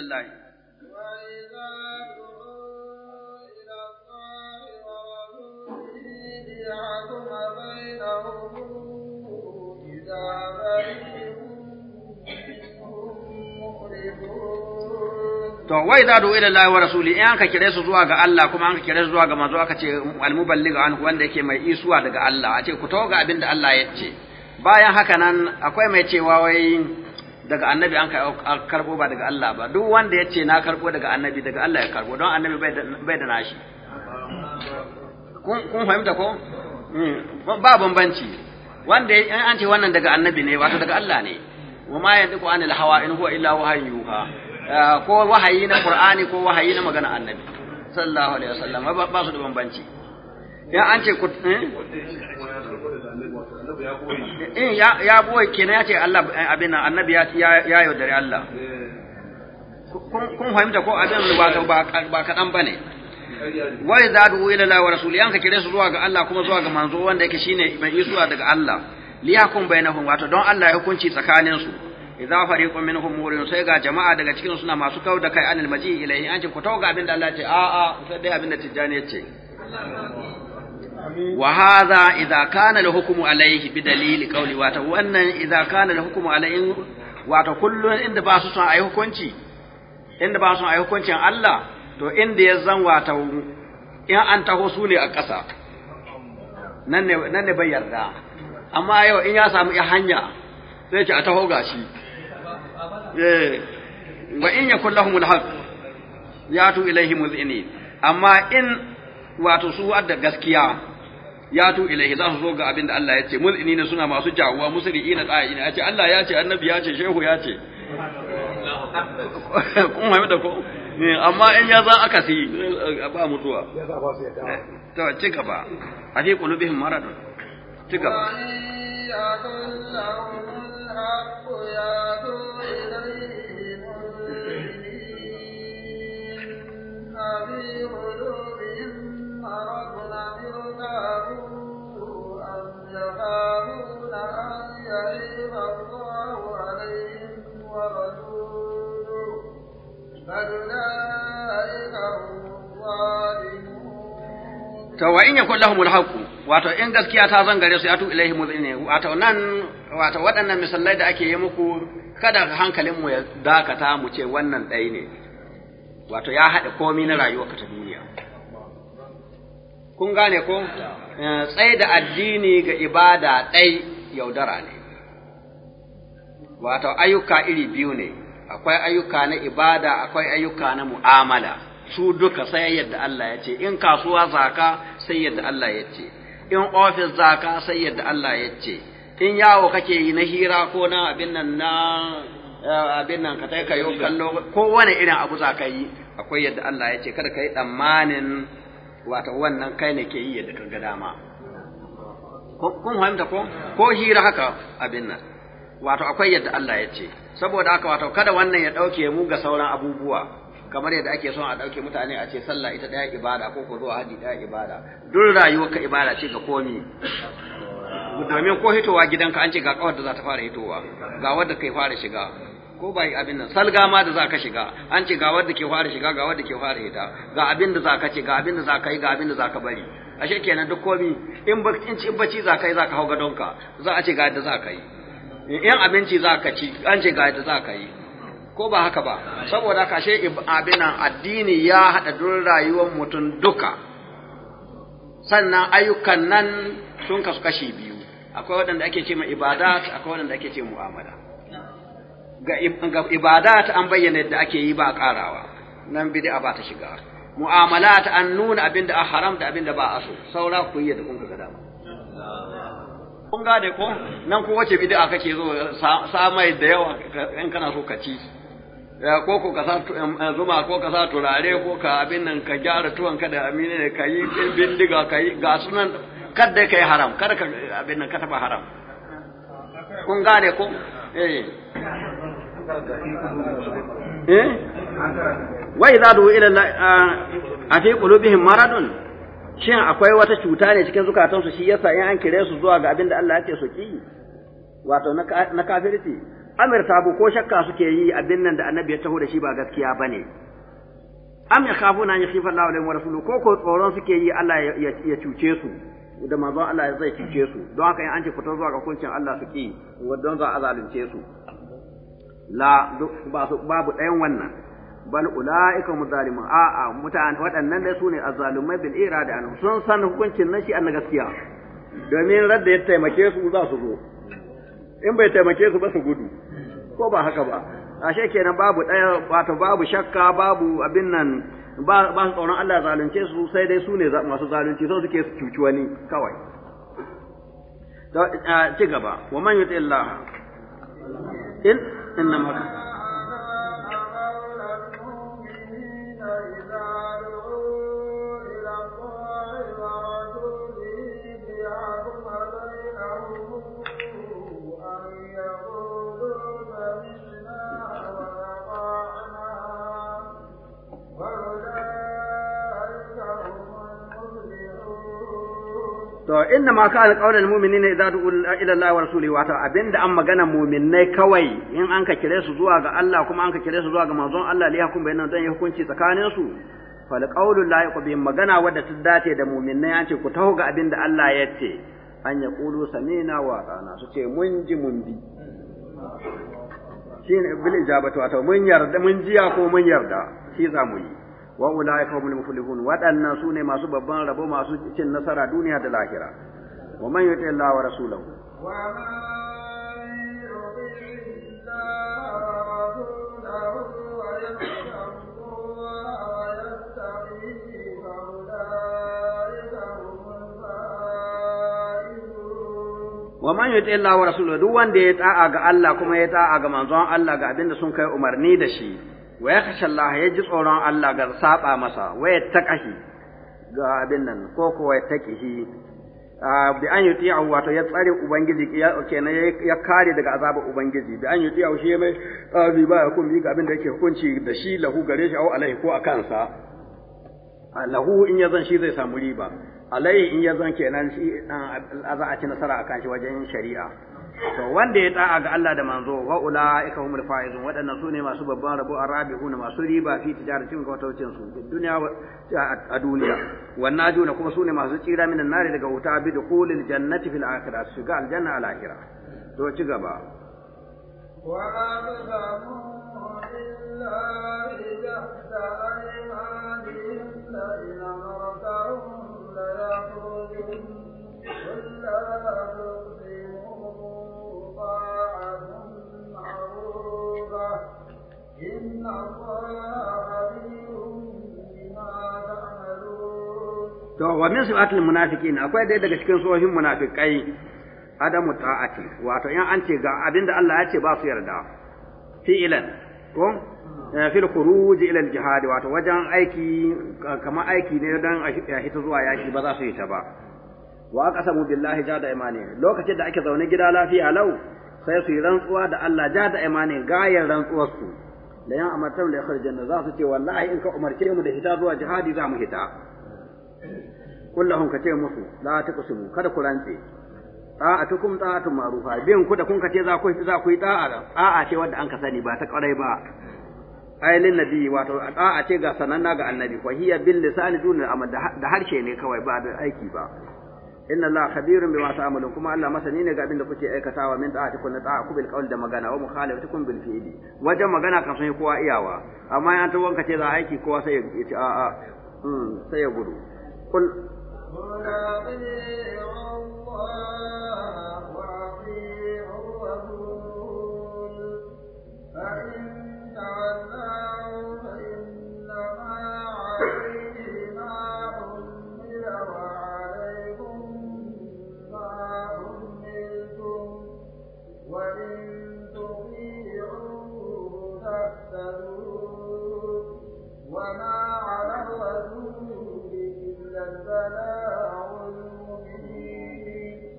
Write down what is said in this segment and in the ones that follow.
الله To wai da do ila lahi wa rasuli in anka kire su zuwa ga Allah kuma anka kire su zuwa ga manzo aka ce muballigh anhu wanda yake mai isuwa daga Allah a ce ku tawo ga abin da Allah ya ce bayan haka nan akwai mai cewa wai daga annabi an karbo ba daga Allah ba duk wanda ya ce na karbo daga annabi daga Allah ya karbo don annabi bai da nashi kun fahimta ko hmm. ba bambanci wanda an ce wannan daga annabi ne wato daga Allah ne wa ma yantiqu anil hawa in huwa illa wahyun yuha eh, ko wahayi na qur'ani ko wahayi na magana annabi sallallahu alaihi wasallam ba su da bambanci ya an ce ku eh, eh ya boye kenan ya ce Allah eh, abin nan annabi ya ya yaudare Allah kun fahimta ko abin ba ba kadan bane wa idza du'u ila la wa rasuli yanka kire su zuwa ga Allah kuma zuwa ga manzo wanda yake shine mai isuwa daga Allah liyakun bainahum wato don Allah ya hukunci tsakanin su idza fariqu minhum murin sai ga jama'a daga cikin suna masu kawo da kai anil maji ilayhi an ce ku ga abin da Allah ya ce a a sai dai abin da tijjani ya ce wa hadha idza kana al hukmu alayhi bi dalil qawli wa ta wannan idza kana al hukmu alayhi wa ta kullun inda ba su son ayi hukunci inda ba su son ayi hukuncin Allah to inda ya zan wa ta in an taho su ne a ƙasa nan ne nan ne bai yarda amma yau in ya samu ya hanya sai ce a taho gashi eh wa in yakul lahumul haqq yatu ilaihimul inin amma in wato su da gaskiya ya tu ilaihi za su zo ga abin da Allah ya ce ne suna masu jawuwa musri'ina ina ya ce Allah ya ce annabi ya ce shehu ya ce kun haifi da ko amma in ya za aka si ba mutuwa ta ci gaba a fi qulubihim maradun ci gaba in yakul lahumul haqu wato in gaskiya ta zan gare su atu ilaihi muzine wato nan wato waɗannan misallai da ake yi muku kada hankalin mu ya dakata mu ce wannan ɗai ne wato ya haɗa komai na rayuwarka ta duniya kun gane ko eh, tsaye da addini ga ibada ɗai yaudara ne wato ayyuka iri biyu ne akwai ayyuka na ibada akwai ayyuka na mu'amala su duka sai yadda Allah ya ce in kasuwa zaka sai yadda Allah ya ce in ofis zaka sai yadda Allah ya ce in yawo kake yi na hira ko na abin nan na eh, abin nan ka kai yau kallo ko wani irin abu zaka yi akwai yadda Allah ya ce kada ka yi tsammanin wato wannan kai ne ke yi yadda ka ga dama kun fahimta ko ko hira haka abin nan wato akwai yadda Allah ya ce saboda haka wato kada wannan ya dauke mu ga sauran abubuwa kamar yadda ake son a ɗauke mutane a ce sallah ita ɗaya ibada ko ko zuwa hadi ɗaya ibada duk rayuwar ka ibada ce ga komi domin ko hitowa gidanka an ce ga kawar da za ta fara hitowa ga wadda kai fara shiga ko bai abin nan salga ma da za ka shiga an ce ga wadda ke fara shiga ga wadda ke fara hita ga abin da za ka ce ga abin da za ka yi ga abin da za ka bari ashe kenan duk komi in bacci za ka yi za ka hau gadonka za a ce ga yadda za ka yi in abinci za ka ci an ce ga yadda za ka yi ko ba haka ba saboda kashe she abinan addini ya hada dun rayuwar mutum duka sannan ayyukan nan sun kasu kashi biyu akwai waɗanda ake ce ma ibadat akwai waɗanda ake ce mu'amala ga ibadat an bayyana yadda ake yi ba ƙarawa nan da ba ta shiga Mu'amala ta an nuna abinda a haram da abinda ba a so saura ku yi da kun ga dama kun da ko nan ko wace bid'a kake zo samai da yawa in kana so ka ci ko ko ka sa zuma ko ka sa turare ko ka abin nan ka gyara tuwon ka da amina ne ka yi bindiga ka yi ga sunan kadda ka yi haram kada ka abin nan ka taba haram kun gane ko eh eh wa idza du ila a fi qulubihim maradun shin akwai wata cuta ne cikin zukatansu shi yasa in an kire su zuwa ga abin da Allah yake ce su ki wato na kafirci amir sabu ko shakka suke yi abin nan da annabi ya taho da shi ba gaskiya ba ne am ya kafu na ya khifa Allah wa rasuluhu ko ko tsoron suke yi Allah ya cuce su da manzon Allah zai cuce su don haka in an ce fito zuwa ga kuncin Allah su ki don za a zalunce su la ba su babu ɗayan wannan bal ulaika muzalimun a a mutane waɗannan dai sune azzalumai bil irada an sun san hukuncin nan shi an gaskiya domin radda ya taimake su za su zo in bai taimake su ba su gudu ko ba haka ba ashe kenan babu ɗaya wato babu shakka babu abin nan ba ba tsoron Allah zalunce su sai dai su ne masu zalunci so suke su cuci wani kawai ci gaba wa man yuti Allah in inna ma To inna ma ka alƙawlal almu'minina idza du'u ila Allah wa rasulihi wato abinda an magana mu'minnai kawai in an ka kire su zuwa ga Allah kuma an ka kire su zuwa ga manzon Allah li hukum bainahum dan ya hukunci tsakanin su fa qawlu la yaqbi magana wadda ta dace da mu'minnai an ce ku taho ga abinda Allah ya ce an ya qulu samina wa atana su ce mun ji mun bi shine bil ijabatu wato mun yarda mun jiya ko mun yarda shi za mu yi wa ulai fa muflihun waɗannan su ne masu babban rabo masu cin nasara duniya da lahira wa man yuti Allah wa rasulahu wa wa man yuti Allah wa rasuluhu duk wanda ya ta'a ga Allah kuma ya ta'a ga manzon Allah ga abinda sun kai umarni da shi wa ya kashe Allah ya ji tsoron Allah ga saba masa wa ya taƙahi ga abin nan ko ko ya taƙihi bi an yuti a wato ya tsare ubangiji kenan ya kare daga azabar ubangiji bi an yuti a shi mai tsabi ba ya kun ga abin da yake hukunci da shi lahu gare shi au alaihi ko a kansa lahu in ya zan shi zai samu riba alaihi in ya zan kenan shi za a ci nasara akan shi wajen shari'a to wanda ya ta'a ga Allah da manzo wa ulaika humul faizun wadannan sune masu babban rabo na masu riba fi tijaratin ga wataucin su duniya a duniya wannan juna kuma sune masu tsira min annari daga wuta bi dukhulil jannati fil akhirah su ga aljanna al akhirah to ci gaba wa aqsamu billahi jahda aymanihim la in la to wa min sifatil munafiqin akwai dai daga cikin sohin munafiqai adamu ta'ati wato in an ce ga abinda Allah ya ce ba su yarda fi'ilan ko eh, fil khuruj ila al jihad wato wajen aiki kamar aiki ne dan a hita zuwa yaki ba za su yi ta ba wa aqsamu billahi jada imani lokacin da ake zaune gida lafiya lau sai su yi rantsuwa da Allah ja da imani gayar rantsuwar su da yan amartar da ya kharje na za su ce wallahi in ka umarce mu da hita zuwa jihadi za mu hita kullahum ka ce musu la taqsimu kada ku rantse ta'atukum ta'atun ma'rufa bin ku da kun ka ce za ku za ku yi ta'a ta'a ce wanda an ka sani ba ta kwarai ba ailin nabi wato ta'a ce ga sananna ga annabi fa hiya bil lisan dun amal da harshe ne kawai ba da aiki ba inna Allah khabirun bima ta'malun kuma Allah masani ne ga abin da kuke aikatawa min ta'atikum na ta'aku bil qawl da magana wa mukhalafatukum bil fi'li wajen magana kan sun kowa iyawa amma in an ta wanka ce za aiki kowa sai ya ce a a sai ya gudu kul فإن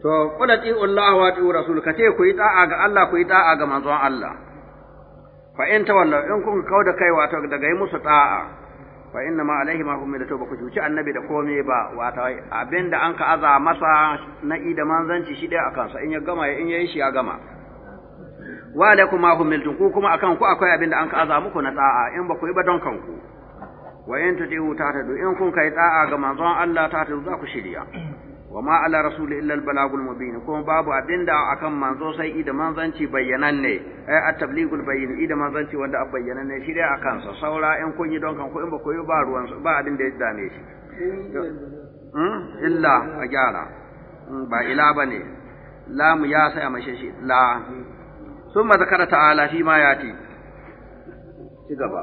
to qul ti'u Allah wa ti'u rasul kace ku yi da'a ga Allah ku yi da'a ga manzon Allah fa in tawallu in kun da kai wato daga yi musu da'a fa inna ma alaihi ma hum milatu baku cuci annabi da komai ba wato abinda an ka aza masa na ida manzanci shi dai akan sa in ya gama in yayi shi ya gama wa alaikum ma hum milatu ku kuma akan ku akwai abinda an ka aza muku na da'a in ba ku yi ba don kanku wa in tuti'u ta tadu in kun kai da'a ga manzon Allah ta ta za ku shirya wa ma ala rasuli illa al balagul mubin kuma babu abinda akan manzo sai idan manzanci bayyananne ai at tablighul bayyin idan manzanci wanda an bayyananne shi dai akan sa saura in kun yi don kan ko in ba ku yi ba ruwan ba abinda ya dame shi hmm? illa a gyara hmm, ba ila bane lamu ya sai a mashe shi la ثم ta'ala تعالى ma ياتي ci gaba.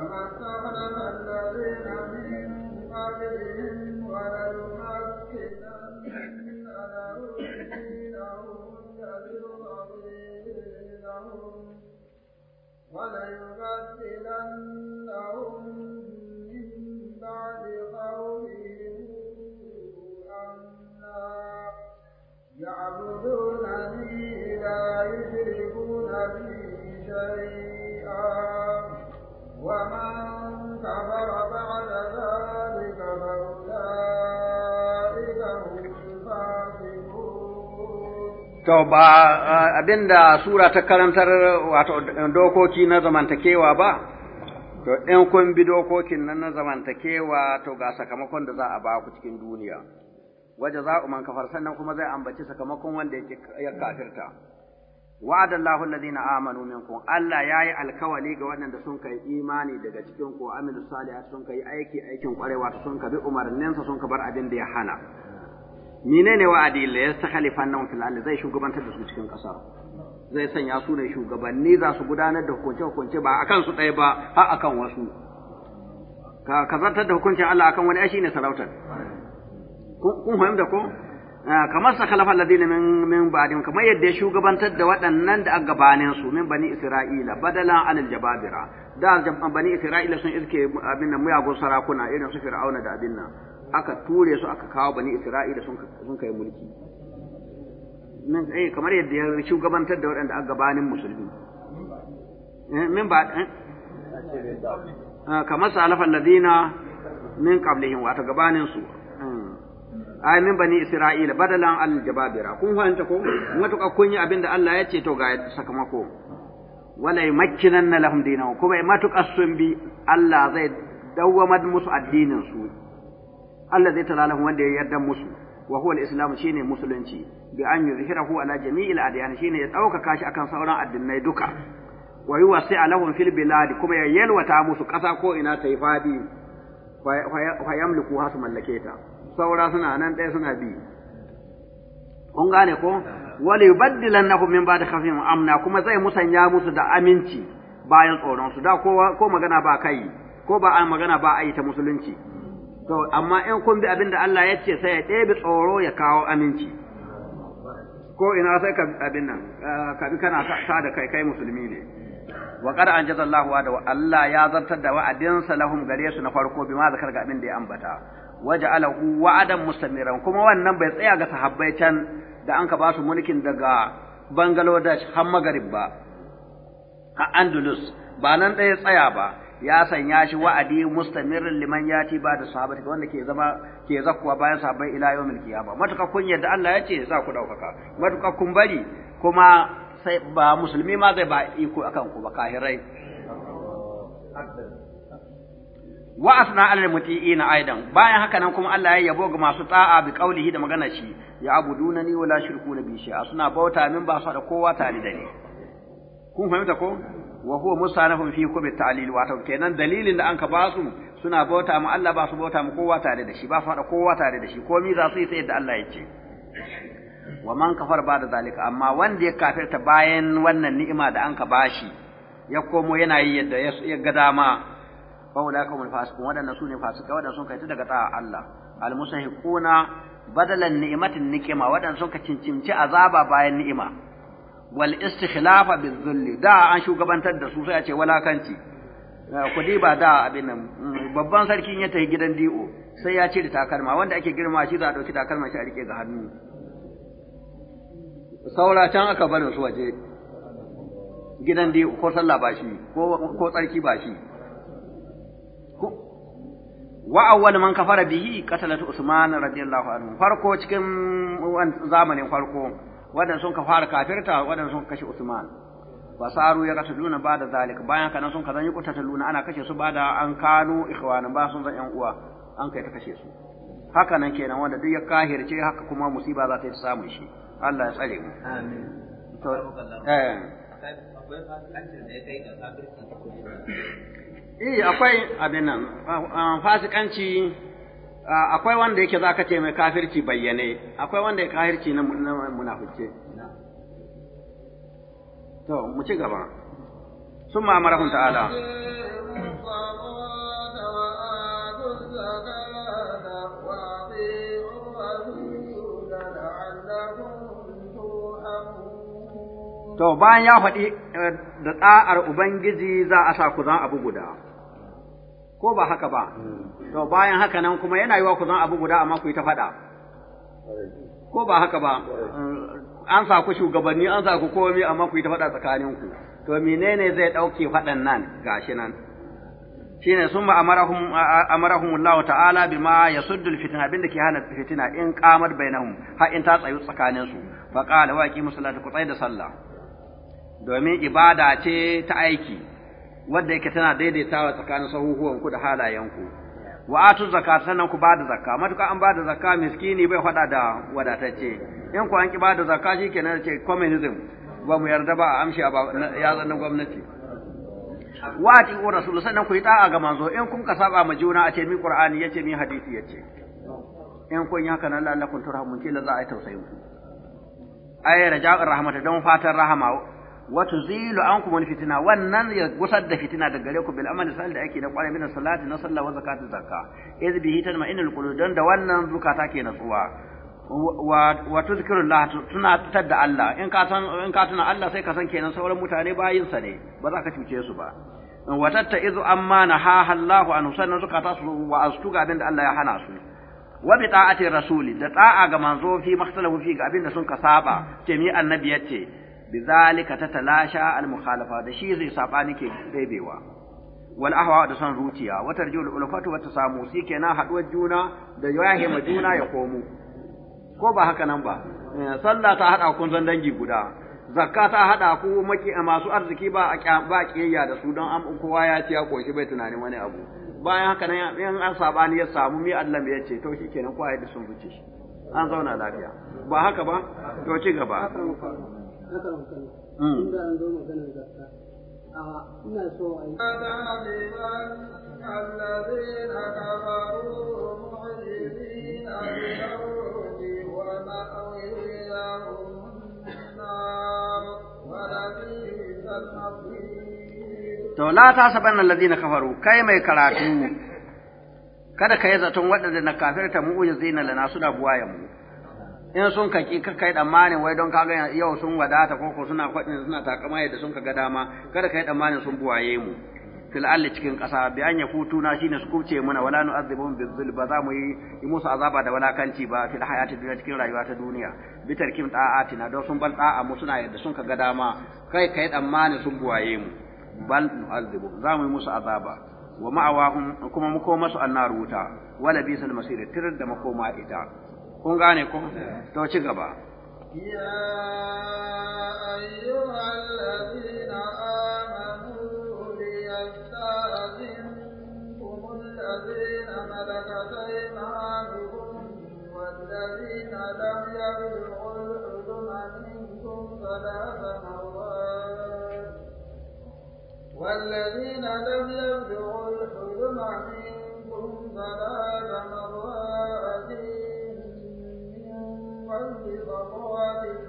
كما استخلف الذين من قبلهم وليمكنن لهم دينهم ليرضي لهم وليبدلنهم To ba eh, abinda sura ta karantar wato dokoki na zamantakewa ba, to ɗan kun bi dokokin nan na zamantakewa to ga sakamakon da za a ba ku cikin duniya. Waje za man kafar sannan kuma zai ambaci sakamakon wanda ya kafirta. Wa'ada Allahu allazina amanu minkum Allah yayi alkawali ga waɗanda sun kai imani daga cikin ku amilu salihat sun kai aiki aikin kwarewa sun ka bi umarninsa sun ka bar abin da ya hana. menene wa'adi la yastakhlifannahum fil ardi zai shugabantar da su cikin ƙasa zai sanya su ne shugabanni za su gudanar da hukunce-hukunce ba akan su ɗaya ba a akan wasu ka kazartar da hukuncin Allah akan wani shi ne sarautar kun fahimta ko ah, kamar sa khalafa alladhina min min ba'dihim kamar yadda ya shugabantar da waɗannan da gabanin su min bani isra'ila badalan anil jababira da bani isra'ila sun iske abin nan muyagun sarakuna irin su fir'auna da abin nan aka ture su aka kawo bani isra'ila sun kai mulki min eh kamar yadda ya shugabantar da waɗanda aka gabanin musulmi eh, min ba eh, eh, kamar salafan ladina min qablihim wato gabanin su ai min bani isra'ila badalan al jababira kun fahimta ko matuƙa kun yi abin da Allah ya ce to ga sakamako wala yumakkinanna lahum dinahum kuma matuƙa sun bi Allah zai dawwamar musu addinin su Allah zai tara lahu wanda ya yarda musu wa huwa al-islam shine musulunci bi an yuzhirahu ala jami'il adyan shine ya dauka shi akan sauran addinai duka wa sai Alahu fil bilad kuma ya yalwata musu kasa ko ina ta yi fadi fa yamliku hasu mallaketa. ta saura suna nan ɗaya suna bi kun gane ko wal yubaddilannahum min ba'di khafihim amna kuma zai musanya musu da aminci bayan tsoron su da ko magana ba kai ko ba magana ba ayi ta musulunci To, amma in kun bi abin Allah ya ce sai ya ɗebe tsoro ya kawo aminci. Ko ina sai ka abin nan, ka bi kana ta da kai kai musulmi ne. Wa qad anjaza Allahu wa Allah ya zartar da wa'adinsa lahum gare su na farko bima zakar ga abin da ya ambata. Waja'alahu wa'adan mustamiran kuma wannan bai tsaya ga sahabbai can da an ka ba su mulkin daga Bangladesh har Magarib ba. A Andalus ba nan ɗaya tsaya ba ya sanya shi wa'adi mustamirin liman yati ba da sahabati wanda ke zama ke zakkuwa bayan sahabbai ila yawmil ba. matuka kun yadda Allah ya ce za ku daukaka matuka kun bari kuma sai ba musulmi ma zai ba iko akan ku ba kahirai wa asna alal muti'ina aidan bayan haka nan kuma Allah ya yabo ga masu ta'a bi qaulihi da magana shi ya abuduna ni wala shirku bi shi suna bauta min ba su da kowa tare da ni kun fahimta ko wa huwa mustanafun fi kubi ta'lil wato kenan dalilin da an ka basu suna bauta ma Allah ba su bauta mu kowa tare da shi ba su hada kowa tare da shi komai za su yi sai Allah ya ce wa man kafar ba da zalika amma wanda ya kafirta bayan wannan ni'ima da an ka bashi ya komo yana yi yadda ya ga dama fa ka hum fasiqun wadannan su ne fasika wadannan sun kai ta daga ta'a Allah al musahiquna badalan ni'matin nikima wadannan sun ka cincimci azaba bayan ni'ima wal istikhlafa bizulli da an shugabantar da su sai a ce walakanci eh, dai ba da abin nan mm, babban sarki ya tafi gidan di'o sai ya ce da takalma wanda ake girma shi za a dauki takalma shi a rike ga hannu saura can aka barin su waje gidan di'o ko sallah ba shi ko tsarki ba shi wa awwal man kafara bihi qatalat Usman radiyallahu anhu farko cikin mm, zamanin farko wadanda sun ka fara kafirta wadanda sun kashe Usman wa saru ya ba da zalika bayan kana sun ka zan yi luna ana kashe su ba da an kanu ikhwanan ba sun zan yan uwa an kai ta kashe su haka nan kenan wanda duk ya kahirce haka kuma musiba za ta yi samun shi Allah ya tsare mu amin to eh. eh akwai abin nan ah, fasikanci Ah, akwai wanda yake za ka ce mai kafirci bayyane akwai wanda ya kafirci na munafice to mu ci gaba sun hun ta'ala To bayan ya faɗi eh, da tsa'ar Ubangiji za a sa ku zan abu guda. ko ba haka ba to bayan haka nan kuma yana yiwa ku zan abu guda amma ku yi ta faɗa ko ba haka ba an sa ku shugabanni an sa ku komai amma ku yi ta faɗa tsakaninku to menene zai ɗauke faɗan nan gashi nan shine sun ba amarahum amarahum Allah ta'ala bima yasuddu alfitna da ke hana fitina in qamat bainahum har in ta tsayu tsakanin su fa qala ku tsaye da sallah domin ibada ce ta aiki wadda yake tana daidaitawa tsakanin sahuhuwan ku da halayen ku wa atu zakat sannan ku bada zakka matuka an bada zakka miskini bai fada da wadatacce in ku an ki bada zakka shikenan ce communism ba mu yarda ba a amshi a ya zanna gwamnati wa ati ku rasul sannan ku yi da'a ga manzo in kun ka saba ma juna a ce mi qur'ani yace mi hadisi yace in kun yi haka nan la'allakum turhamun kila za a yi tausayin ku ay raja'ur rahmata don fatan rahama wa tuzilu ankum al fitna wannan ya gusar da fitina daga gare ku bil amali da ake da kwarai min salati na sallah wa zakatu zakka iz bihi tanma'inul qulub dan da wannan zukata ke natsuwa wa tuzkirullah tuna tutar da Allah in ka san in ka tuna Allah sai ka san kenan sauran mutane bayin sa ne ba za ka cuce su ba wa tattaizu amma nahaha Allahu an sannan zukata su wa astu ga abin da Allah ya hana su wa bi ta'ati rasuli da ta'a ga manzo fi makhtalafu fi ga abin da sun ka saba ce mi annabi yace bizalika tatalasha al-mukhalafa da shi zai sabani ke bebewa wal ahwa da san zuciya wa tarjul ulfatu wa tasamu shi kenan haduwar juna da ma juna ya komo ko ba haka nan ba eh, sallah ta hada kun zan dangi guda zakka ta hada ku maki masu arziki ba a ba da su don an kowa ya ci ya koshi bai tunanin wani abu bayan haka nan in an sabani ya samu mi Allah ya ce to shikenan ko ayi da sun zuci an zauna lafiya ba haka ba to ci gaba haka mutane hmm. inda an zo maganar ina so a yi To, la ta saban na kafaru, kai mai karatu, kada ka yi zaton waɗanda na kafirta mu'ujizina lana suna buwayen mu. in sun ka ki kai tsammanin wai don kaga yau sun wadata ko ko suna kwadin suna takama yadda sun ga dama kada kai tsammanin sun buwaye mu fil alli cikin ƙasa bi an yakutu na shine su kuce muna wala nu azibun bizul ba za mu yi musu azaba da walakanci ba fil hayati dunya cikin rayuwa ta duniya bi tarkim ta'atina don sun bar ta'a mu suna yadda sun ga dama kai kai tsammanin sun buwaye mu bal nu azibu za mu yi musu azaba wa ma'awahum kuma mu koma su annar wuta wala bisal masir tir da makoma ita kun gane ko to ci gaba ya ayyuhal ladina amanu liyasta'zinkum alladhina malakat aymanukum والذين لم يبلغوا الحلم منكم ثلاث مرات والذين لم يبلغوا الحلم منكم ثلاث مرات وحين تضعون ثيابكم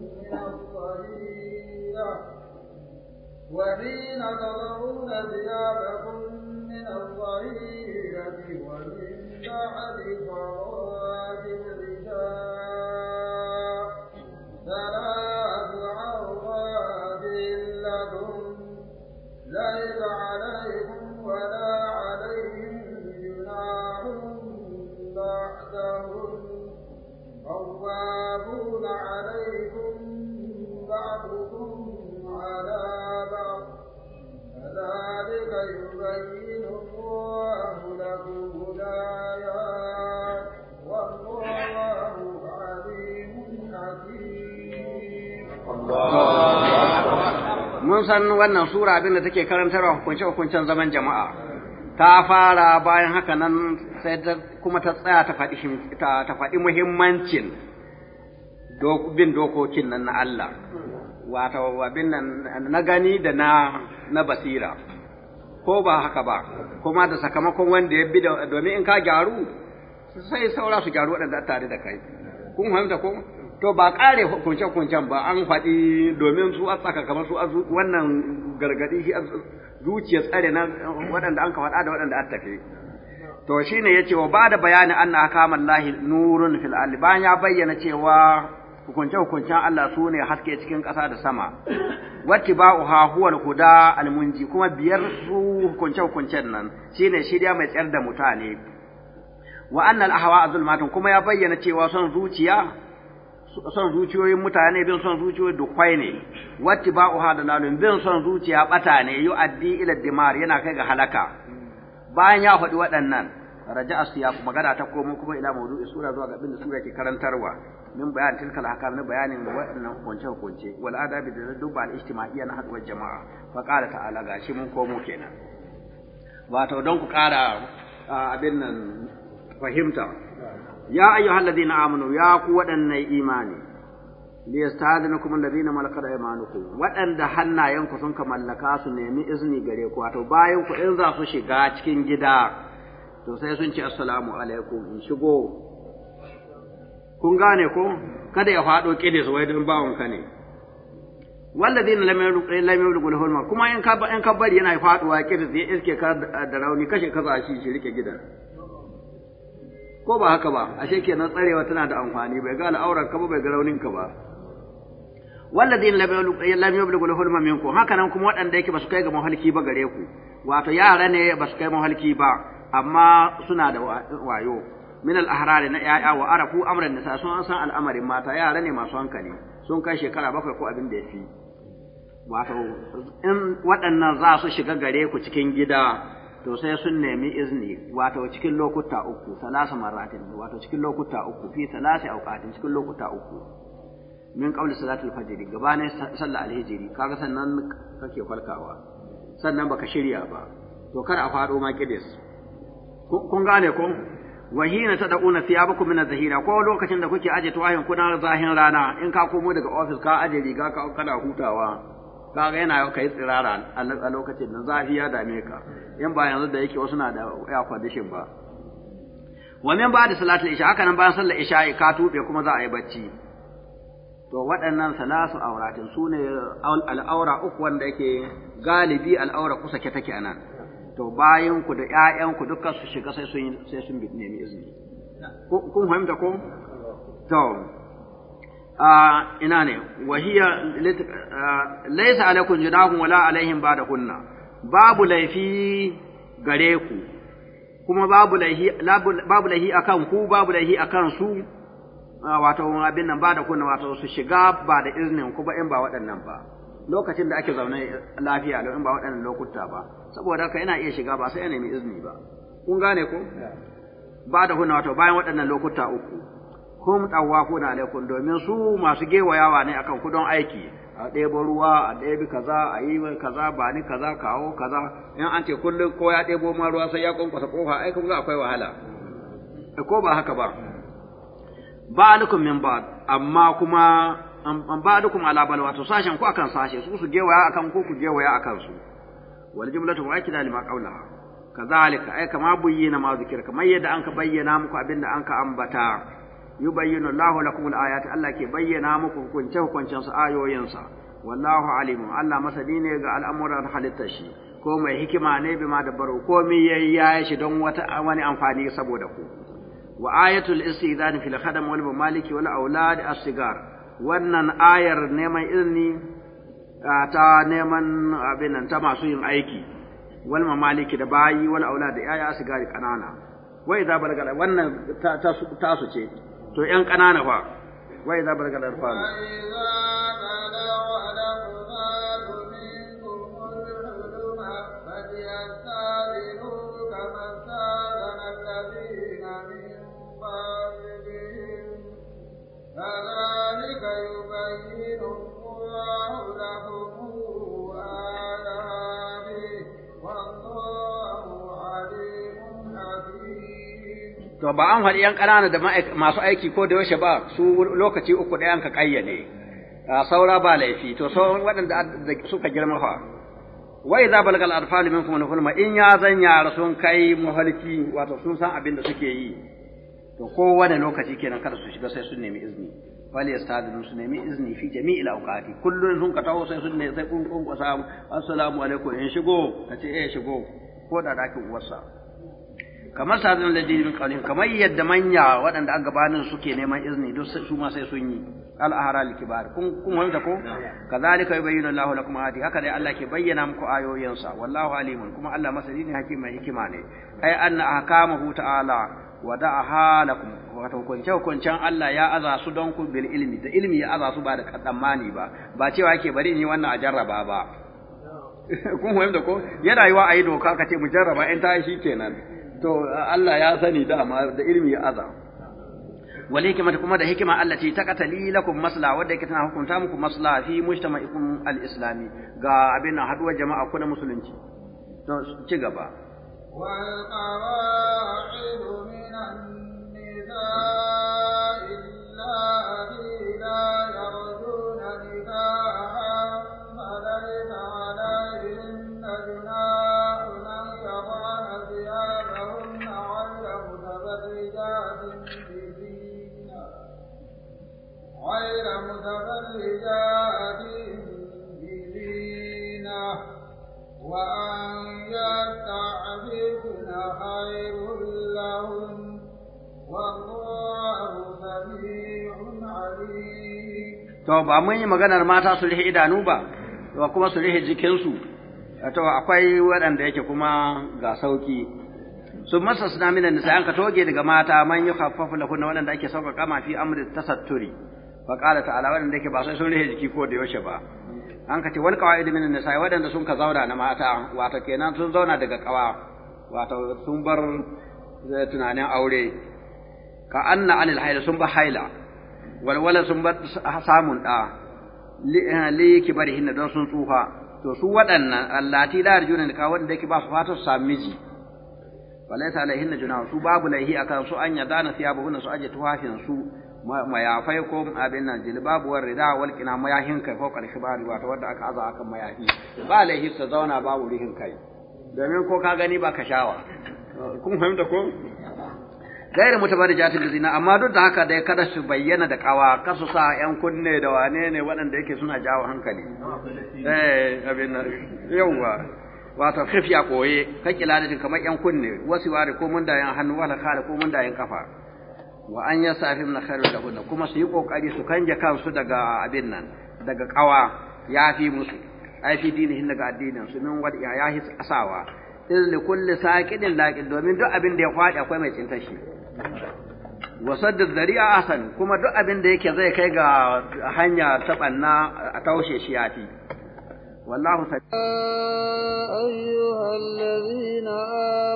من الظهيرة وحين تضعون ثيابكم من ومن بعد صلاة العشاء ثلاث عورات لكم ليس عليكم ولا عليكم بعضكم على بعض كذلك يبين الله لكم الآيات والله عليم حكيم mun san wannan sura abin da take karantarwa hukunce-hukuncen zaman jama'a ta fara bayan haka nan sai kuma ta tsaya ta faɗi muhimmancin bin dokokin nan na Allah wata wabin nan na gani da na na basira ko ba haka ba kuma da sakamakon wanda ya bi domin in ka gyaru sai saura su gyaru waɗanda tare da kai kun fahimta ko to ba ƙare kunce kuncen ba an faɗi domin su a tsaka kamar su wannan gargaɗi shi zuciya tsare na waɗanda an ka faɗa da waɗanda an tafi to shine yace wa ba da bayani anna akamallahi nurun fil alban ya bayyana cewa hukunce hukuncen Allah su ne haske cikin ƙasa da sama wacce ba uha huwal huda almunji kuma biyar su hukunce hukuncen nan shine shirya mai tsayar da mutane wa annal ahwa azulmatun kuma ya bayyana cewa son zuciya son zuciyoyin mutane bin son zuciyoyi dukwai ne wacce ba uha da lalun bin son zuciya bata ne addi ila dimar yana kai ga halaka bayan ya faɗi waɗannan raja asiyaq magana ta komo kuma ila mawdu'i sura zuwa ga abinda sura ke karantarwa min bayan tilkal ahkam na bayanin waɗannan hukunce hukunce wal adabi da dubba al ijtima'iyya na hadwa jama'a fa qala ta'ala gashi mun komo kenan wato don ku ƙara abin nan fahimta ya ayyuhalladhina amanu ya ku waɗannan imani liyastadinakum alladhina malakat aymanukum waɗanda hannayenku sun ka mallaka su nemi izini gare ku wato bayan ku in za su shiga cikin gida to sai sun ce assalamu alaikum in shigo kun gane ko kada ya faɗo su wai don bawon ka ne walladin lam yablugu lahul maut kuma in ka in ka bari yana faduwa kidis ya iske ka da rauni kashe ka shi shi rike gida ko ba haka ba ashe kenan tsarewa tana da amfani bai ga al'aurar ka ba bai ga raunin ka ba walladin lam yablugu lahul hulma minkum haka nan kuma waɗanda yake ba su kai ga mahalki ba gare ku wato yara ne ba su kai mahalki ba amma suna da wayo min al-ahrar na yaya wa arafu amran nisa sun an san al'amarin mata yara ne masu hankali sun kai shekara bakwai ko abin da yafi wato in waɗannan za su shiga gare ku cikin gida to sai sun nemi izini wato cikin lokuta uku salasa maratin wato cikin lokuta uku fi salasi auqatin cikin lokuta uku min qawli salatul fajr gabanin sallar alhijri kaga sannan kake falkawa sannan baka shirya ba to kar a faɗo ma kidis kun gane ko wahina ta da'una thiyabakum min az-zahira ko lokacin da kuke aje ku na zahin rana in ka komo daga office ka aje riga ka kana hutawa ga yana kai tsirara a lokacin nan zafi ya dame ka in ba yanzu da yake wasu na da ya condition ba wa min da salatul isha haka nan bayan sallar isha ka tube kuma za a yi bacci to waɗannan salasu auratin sune al-aura uku wanda yake galibi al-aura kusa ke take anan to bayan ku da ƴaƴan ku dukkan su shiga sai sun sai sun nemi izini kun fahimta ko to a ina ne wahiya laysa alaikum junahun wala alaihim ba kunna babu laifi gare ku kuma babu laifi babu laifi akan ku babu laifi akan su wato abin nan ba da kunna wato su shiga ba da iznin ku ba in ba waɗannan ba lokacin da ake zaune lafiya in ba waɗannan lokuta ba saboda haka yana iya shiga ba sai ya nemi izini ba kun gane ko ba da hunna wato bayan waɗannan lokuta uku hum tawafuna alaikum domin su masu gewayawa ne akan ku don aiki a ɗebo ruwa a ɗebi kaza a yi kaza ba ni kaza kawo kaza in an ce kullum ko ya ɗebo ma ruwa sai ya kwankwasa kofa ai kun ga akwai wahala eh, ko ba haka ba Ba ba'alukum min ba, amma kuma an ba'alukum ala balwa to sashen ku akan sashe su su gewaya akan ku ku gewaya akan su wal jumlatu mu'akkida lima qawlaha kazalika ay kama buyyina ma zikir kamar yadda anka bayyana muku abinda anka ambata yubayyinu Allahu lakum al-ayati Allah ke bayyana muku hukunce hukuncen su ayoyinsa wallahu alimun Allah masani ne ga al'amuran halittar shi ko mai hikima ne bima da baro komai yayi yayi shi don wata wani amfani saboda ku wa ayatul istizan fil khadam wal maliki wal aulad as-sigar wannan ayar neman izini ta neman abin ta masu yin aiki wal mamaliki da bayi wal aula da yaya sigari kanana wai za balgala wannan ta su ce to yan kanana fa wai za balgala fa Thank you. ba an haɗu ‘yan ƙanana da masu aiki ko da yaushe ba su lokaci uku ɗayan ka ƙayyade, saura ba laifi, to sauran waɗanda suka girma fa. wa idza balagal arfal minkum al-hulma in ya zan yara sun kai muhalki wato sun san abin da suke yi to kowane lokaci kenan kada su shiga sai sun nemi izini wal yastadinu su nemi izini fi jami'il awqati kullun sun ka taho sai sun ne sai kun alaikum in shigo kace eh shigo ko da dakin uwarsa kamar sadin ladin min qawlin kamar yadda manya waɗanda a gabanin suke neman izini duk su ma sai sun yi al ahral kibar kun kun wanda ko kazalika yubayyinu Allahu lakum ayati haka dai Allah ke bayyana muku ayoyinsa wallahu alimun kuma Allah masani ne hakima hikima ne ai anna ahkamahu ta'ala Wa wada'aha lakum wato kunce kuncen Allah ya aza su don ku bil ilmi da ilimi ya aza su ba da kaddamani ba ba cewa yake bari ni wannan a jarraba ba kun fahimta ko ya rayuwa a yi doka ka ce mu jarraba in ta shi kenan to Allah ya sani da dama da ilimi ya aza wal hikmata kuma da hikima Allah ce talila lakum masla wanda yake tana hukunta muku masla fi mujtama'ikum al-islami ga abin haduwar jama'a kuna musulunci to ci gaba والقواعد من يرجون فليس يضعن غير متفرجات بزينه غير متفرجات وأن يستعففن خير لهم والله سميع عليم to ba mun yi maganar mata su rihe idanu ba wa kuma su rihe jikinsu to akwai waɗanda yake kuma ga sauki su masa suna minan nisa an ka toge daga mata man yi haffafu da na waɗanda ake sauƙaƙa mafi amri tasatturi fa ƙala ta'ala waɗanda yake ba sai sun rihe jiki ko da yaushe ba an ka ce wal qawaid min an-nisa wadanda sun ka zauna na mata wato kenan sun zauna daga kawa wato sun bar eh, tunanin aure ka anna anil haila sun bar haila walwala sun bar samun da li da eh, don sun tsufa to su waɗannan allati la arjuna ka wanda yake ba su fata su sami miji walaysa da junah su babu laihi akan su an yadana thiyabuhunna su aje tufafin su mayafai ko abin nan jilbabuwar rida wal kina mayahin kai ko karshe ba riwa ta wanda aka aza akan mayahi ba laihi ta zauna babu rihin kai domin ko ka gani ba ka shawa kun fahimta ko gairin mutabarrijatin da zina amma duk da haka dai kada su bayyana da kawa kasu sa yan kunne da wane ne waɗanda yake suna jawo hankali eh abin nan yawa wato khifiya koye kakiladatin kamar yan kunne wasu ware ko mun da yan hannu wala kare ko yan kafa wa an ya safi na khairu hudu kuma su yi kokari su kanje kansu daga abin nan daga kawa ya fi musu ai fi hin daga addinin su min wadi ya hi asawa in li kulli saqidin laqid domin duk abin da ya fadi akwai mai tsinta shi wa saddu dhari'a asan kuma duk abin da yake zai kai ga hanya ta banna a taushe shi ya fi والله أيها الذين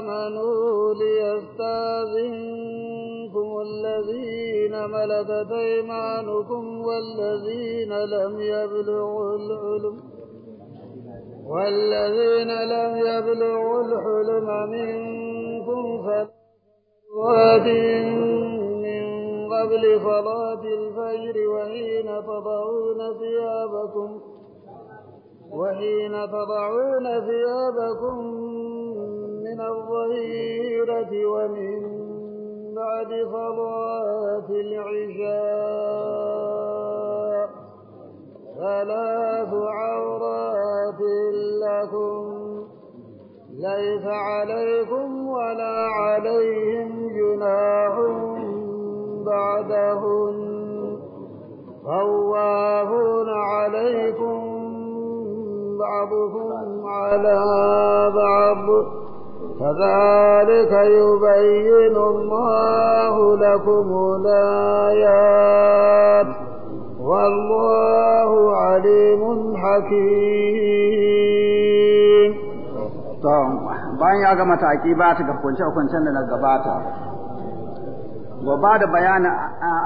آمنوا ليستاذنوا منكم الذين ملكت أيمانكم والذين لم يبلغوا العلم والذين لم يبلغوا الحلم منكم فلواتهم من قبل صلاة الفجر وحين تضعون ثيابكم وحين تضعون ثيابكم من الظهيرة ومن بعد صلاة العشاء ثلاث عورات لكم ليس عليكم ولا عليهم جناح بعدهن خوافون عليكم بعضكم على بعض كذلك يبين الله لكم الآيات والله عليم حكيم bayan ya gama taƙi ba ta kunce hukuncen da na gabata wa ba da bayanin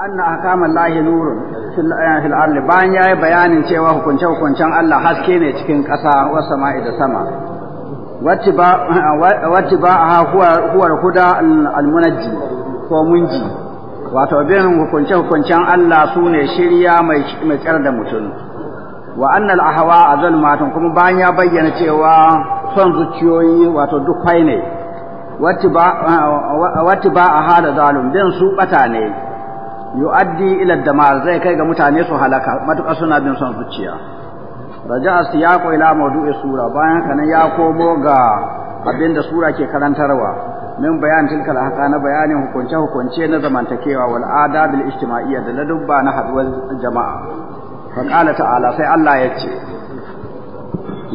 anna ahkamal lahi nurun fil eh, ardi bayan yayi bayanin cewa hukunce hukuncen Allah haske ne cikin ƙasa wa sama'i da sama ba a huwa huda almunaji ko munji wato bin hukunce hukuncen Allah sune shirya mai tsar da mutum wa annal ahwa azal matan kuma bayan ya bayyana cewa son zuciyoyi wato duk kwai ne a hada zalum bin su bata ne yu'addi ila damar zai kai ga mutane su halaka matuƙa suna bin son zuciya raja'a ko ila mawdu'i sura bayan kana ya komo ga abinda sura ke karantarwa min bayan tilka haka na bayanin hukunce hukunce na zamantakewa wal adab al ijtima'iyya da ladubba na haduwar jama'a fa qala ta'ala sai Allah ya ce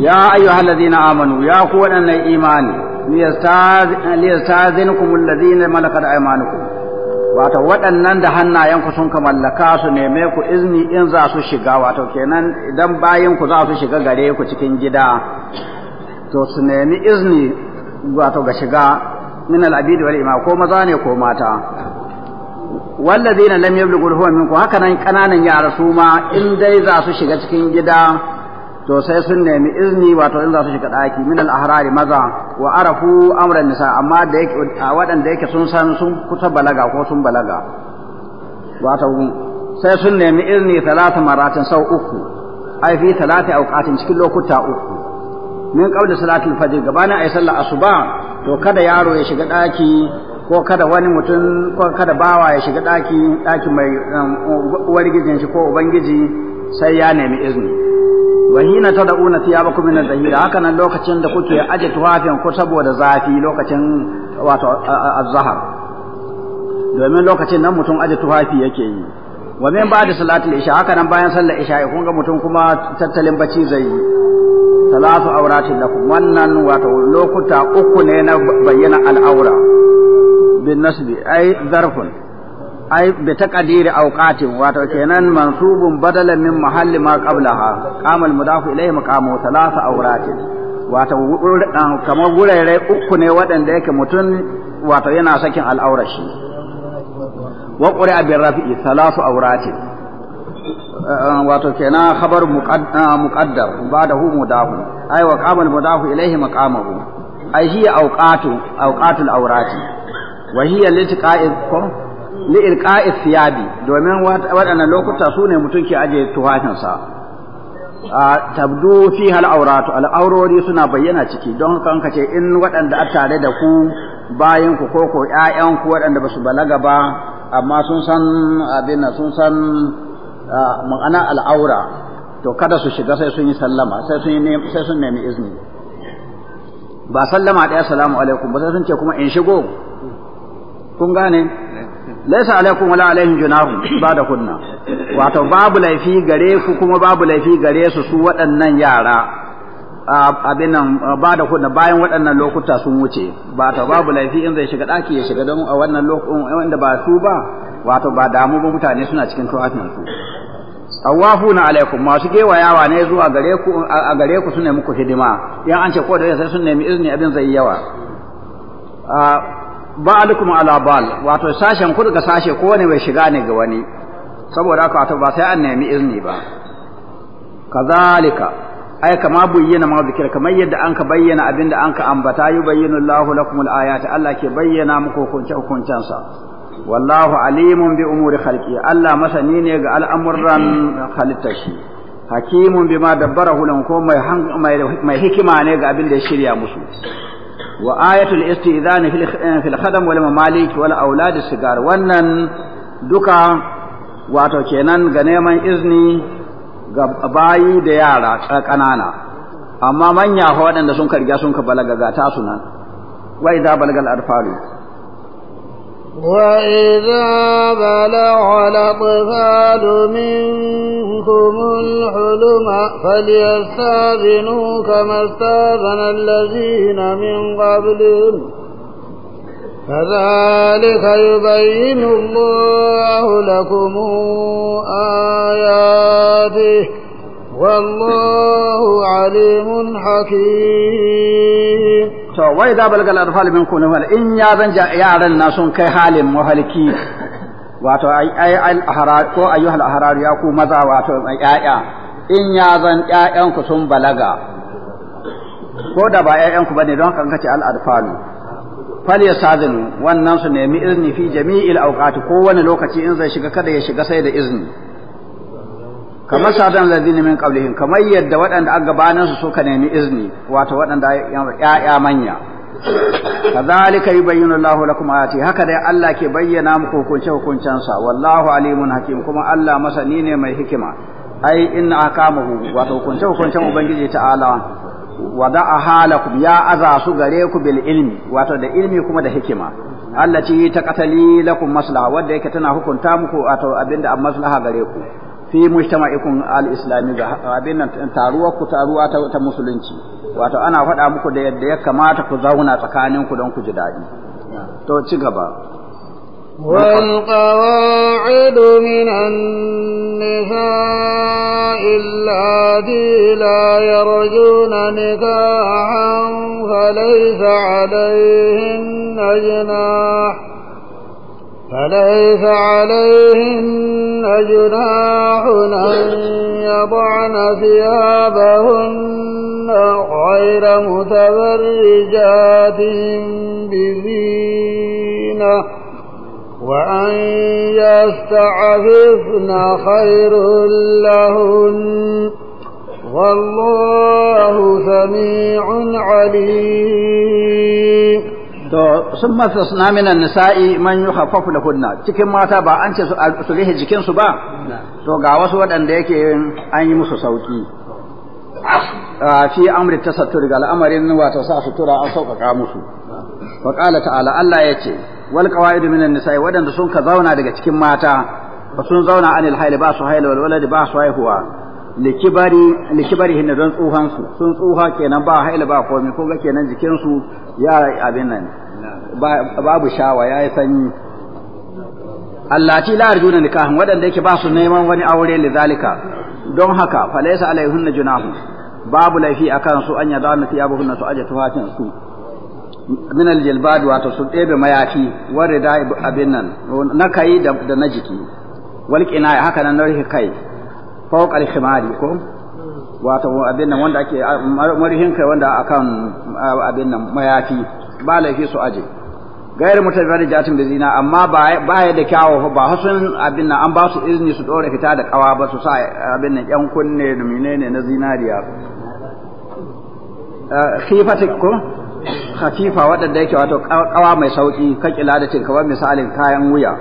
ya ladina amanu ya ku wadannan imani liyastazin alladhina malakat aymanukum wato waɗannan da hannayenku sun ka mallaka su neme ku izini in za su shiga wato kenan idan bayinku za su shiga gare ku cikin gida to su nemi izini wato ga shiga min al'abidi wal ima ko maza ne ko mata wallazina lam yablughu huwa minku haka nan kananan yara su ma in dai za su shiga cikin gida to sai sun nemi izini wato in za su shiga ɗaki min al-ahrari maza wa arafu amran nisa amma da yake waɗanda yake sun san sun kusa balaga ko sun balaga wato sai sun nemi izini talata maratin sau uku ai fi talata auqatin cikin lokuta uku min qabla salatul fajr gabanin ai sallar asuba to kada yaro ya shiga ɗaki ko kada wani mutum ko kada bawa ya shiga ɗaki ɗaki mai um, uwar gijin shi ko ubangiji sai ya nemi izini wa hina tad'una thiyabakum min az-zahira haka lokacin da kuke aje tufafin ku saboda zafi lokacin wato az-zahar domin lokacin nan mutum aje tufafi yake yi wa min ba'da salatul isha hakanan bayan sallar isha kun ga mutum kuma tattalin bacci zai yi salatu awratin lakum wannan wato lokuta uku ne na bayyana al-aura bin nasbi ai zarfun ai bi taqdiri awqatin wato kenan mansubun badalan min mahalli ma qablaha qama al mudafu ilayhi maqamu thalatha awratin wato kamar gurare uku ne waɗanda yake mutum wato yana sakin al'aurashi wa qura bi rafi'i thalathu awratin eh, wato kenan khabar eh, muqaddar ba'dahu mudafu ai wa qama al mudafu ilayhi maqamahu ai hiya awqatu awqatul awrati wa hiya litiqa'i li ilqa'i thiyabi domin waɗannan lokuta su ne mutum ke aje tufafinsa tabdu fi hal auratu al aurori suna bayyana ciki don haka an kace in waɗanda a tare da ku bayan ku ko ko ƴaƴan ku waɗanda ba su balaga ba amma sun san abin sun san ma'ana al'aura to kada su shiga sai sun yi sallama sai sun sai sun nemi izini ba sallama ɗaya salamu alaikum ba sai sun ce kuma in shigo kun gane laisa alaikum wala alaihim junahum ba da kunna wato babu laifi gare ku kuma babu laifi gare su su waɗannan yara abin nan ba da kunna bayan waɗannan lokuta sun wuce ba ta babu laifi in zai shiga ɗaki ya shiga don a wannan lokacin wanda ba su ba wato ba damu ba mutane suna cikin tuwafin su awafuna alaikum masu gewayawa ne zuwa gare ku a gare ku su muku hidima yan an ce ko da sai sun nemi izini abin zai yawa ba'alukum ala bal wato sashen kudu ga sashe kowane bai shiga ne ga wani saboda haka wato ba sai an nemi izini ba kazalika ai kama bayyana ma zikir kamar yadda an ka bayyana abinda an ka ambata yi bayyana Allahu lakum al-ayat Allah ke bayyana muku hukunce hukuncen sa wallahu alimun bi umuri khalqi Allah masani ne ga al'amuran khalitashi hakimun bima dabbarahu lan ko mai mai hikima ne ga abin da ya shirya musu وآية الاستئذان في الخدم wal auladi sigar wannan duka wato kenan ga neman izini ga bayi da yara ƙanana amma manya waɗanda sun karya sun ka balaga ga tasu nan wa idza balagal arfalu وإذا بلغ الأطفال منكم الحلم فليستاذنوا كما استاذن الذين من قبلهم كذلك يبين الله لكم آياته والله عليم حكيم to wai da balgal arfal min kunu wal in ya zan yaran na sun kai halin mahalki wato ai ai ahrar ko ayyuhal ahrar ya ku maza wato yaya in ya zan ƴaƴan ku sun balaga ko da ba ƴaƴan ku bane don kan kace al arfalu fal yasazinu wannan su nemi izini fi jami'il awqati ko wani lokaci in zai shiga kada ya shiga sai da izini kamar sadan ladina min kablihin kamar yadda waɗanda an gabanin su suka nemi izini wato waɗanda ya'ya manya bayyana yubayyinu Allahu lakum ayati haka dai Allah ke bayyana muku hukunce hukuncensa wallahu alimun hakim kuma Allah masani ne mai hikima ai inna akamahu wato hukunce hukuncen ubangiji ta'ala wada halakum ya aza su gare ku bil ilmi wato da ilmi kuma da hikima Allah ci ta katali lakum maslaha wanda yake tana hukunta muku wato abinda an maslaha gare ku fi mujtama'ikum al-islami abin nan taruwa ku taruwa ta musulunci wato ana faɗa muku da yadda ya kamata ku zauna tsakanin ku don ku ji daɗi to ci gaba والقواعد من النساء اللاتي لا يرجون نكاحا فليس عليهن جناح فليس عليهن أجناع أن يضعن ثيابهن غير متبرجات بزينة وأن يستعففن خير لهن والله سميع عليم to sun masu suna mina nisa'i man yi da kunna cikin mata ba an ce su rihe jikinsu ba to ga wasu waɗanda yake an yi musu sauƙi fi amri ta sattur ga al'amarin wata sa sutura an sauƙaƙa musu wa ƙala ta'ala Allah ya ce wal qawaidu minan nisa'i waɗanda sun ka zauna daga cikin mata ba sun zauna anil haili ba su haili wal waladi ba su haihuwa likibari likibari hinna don su sun tsoha kenan ba haila ba komai ko ga kenan jikinsu ya abin nan babu shawa ya yi sanyi allati la arjuna nikahan wadanda yake ba su neman wani aure zalika don haka laysa alaihunna junahu babu laifi akan su an yadana thiyabuhunna su aje tufafin su min aljilbad wato su ɗebe mayafi warida abin nan na kai da na jiki wal qinaya haka nan na kai fawq al-khimari ko wato abin nan wanda ake marihin kai wanda akan abin nan mayafi ba laifi su aje gairu mutabbari jatin da zina amma ba ya da kyawo ba hasun abin nan an ba su izini su ɗora fita da kawa ba su sa abin nan yan kunne da menene na zinariya eh, khifatik ko khatifa wadanda yake wato kawa mai sauki ka kila da cin kamar misalin kayan wuya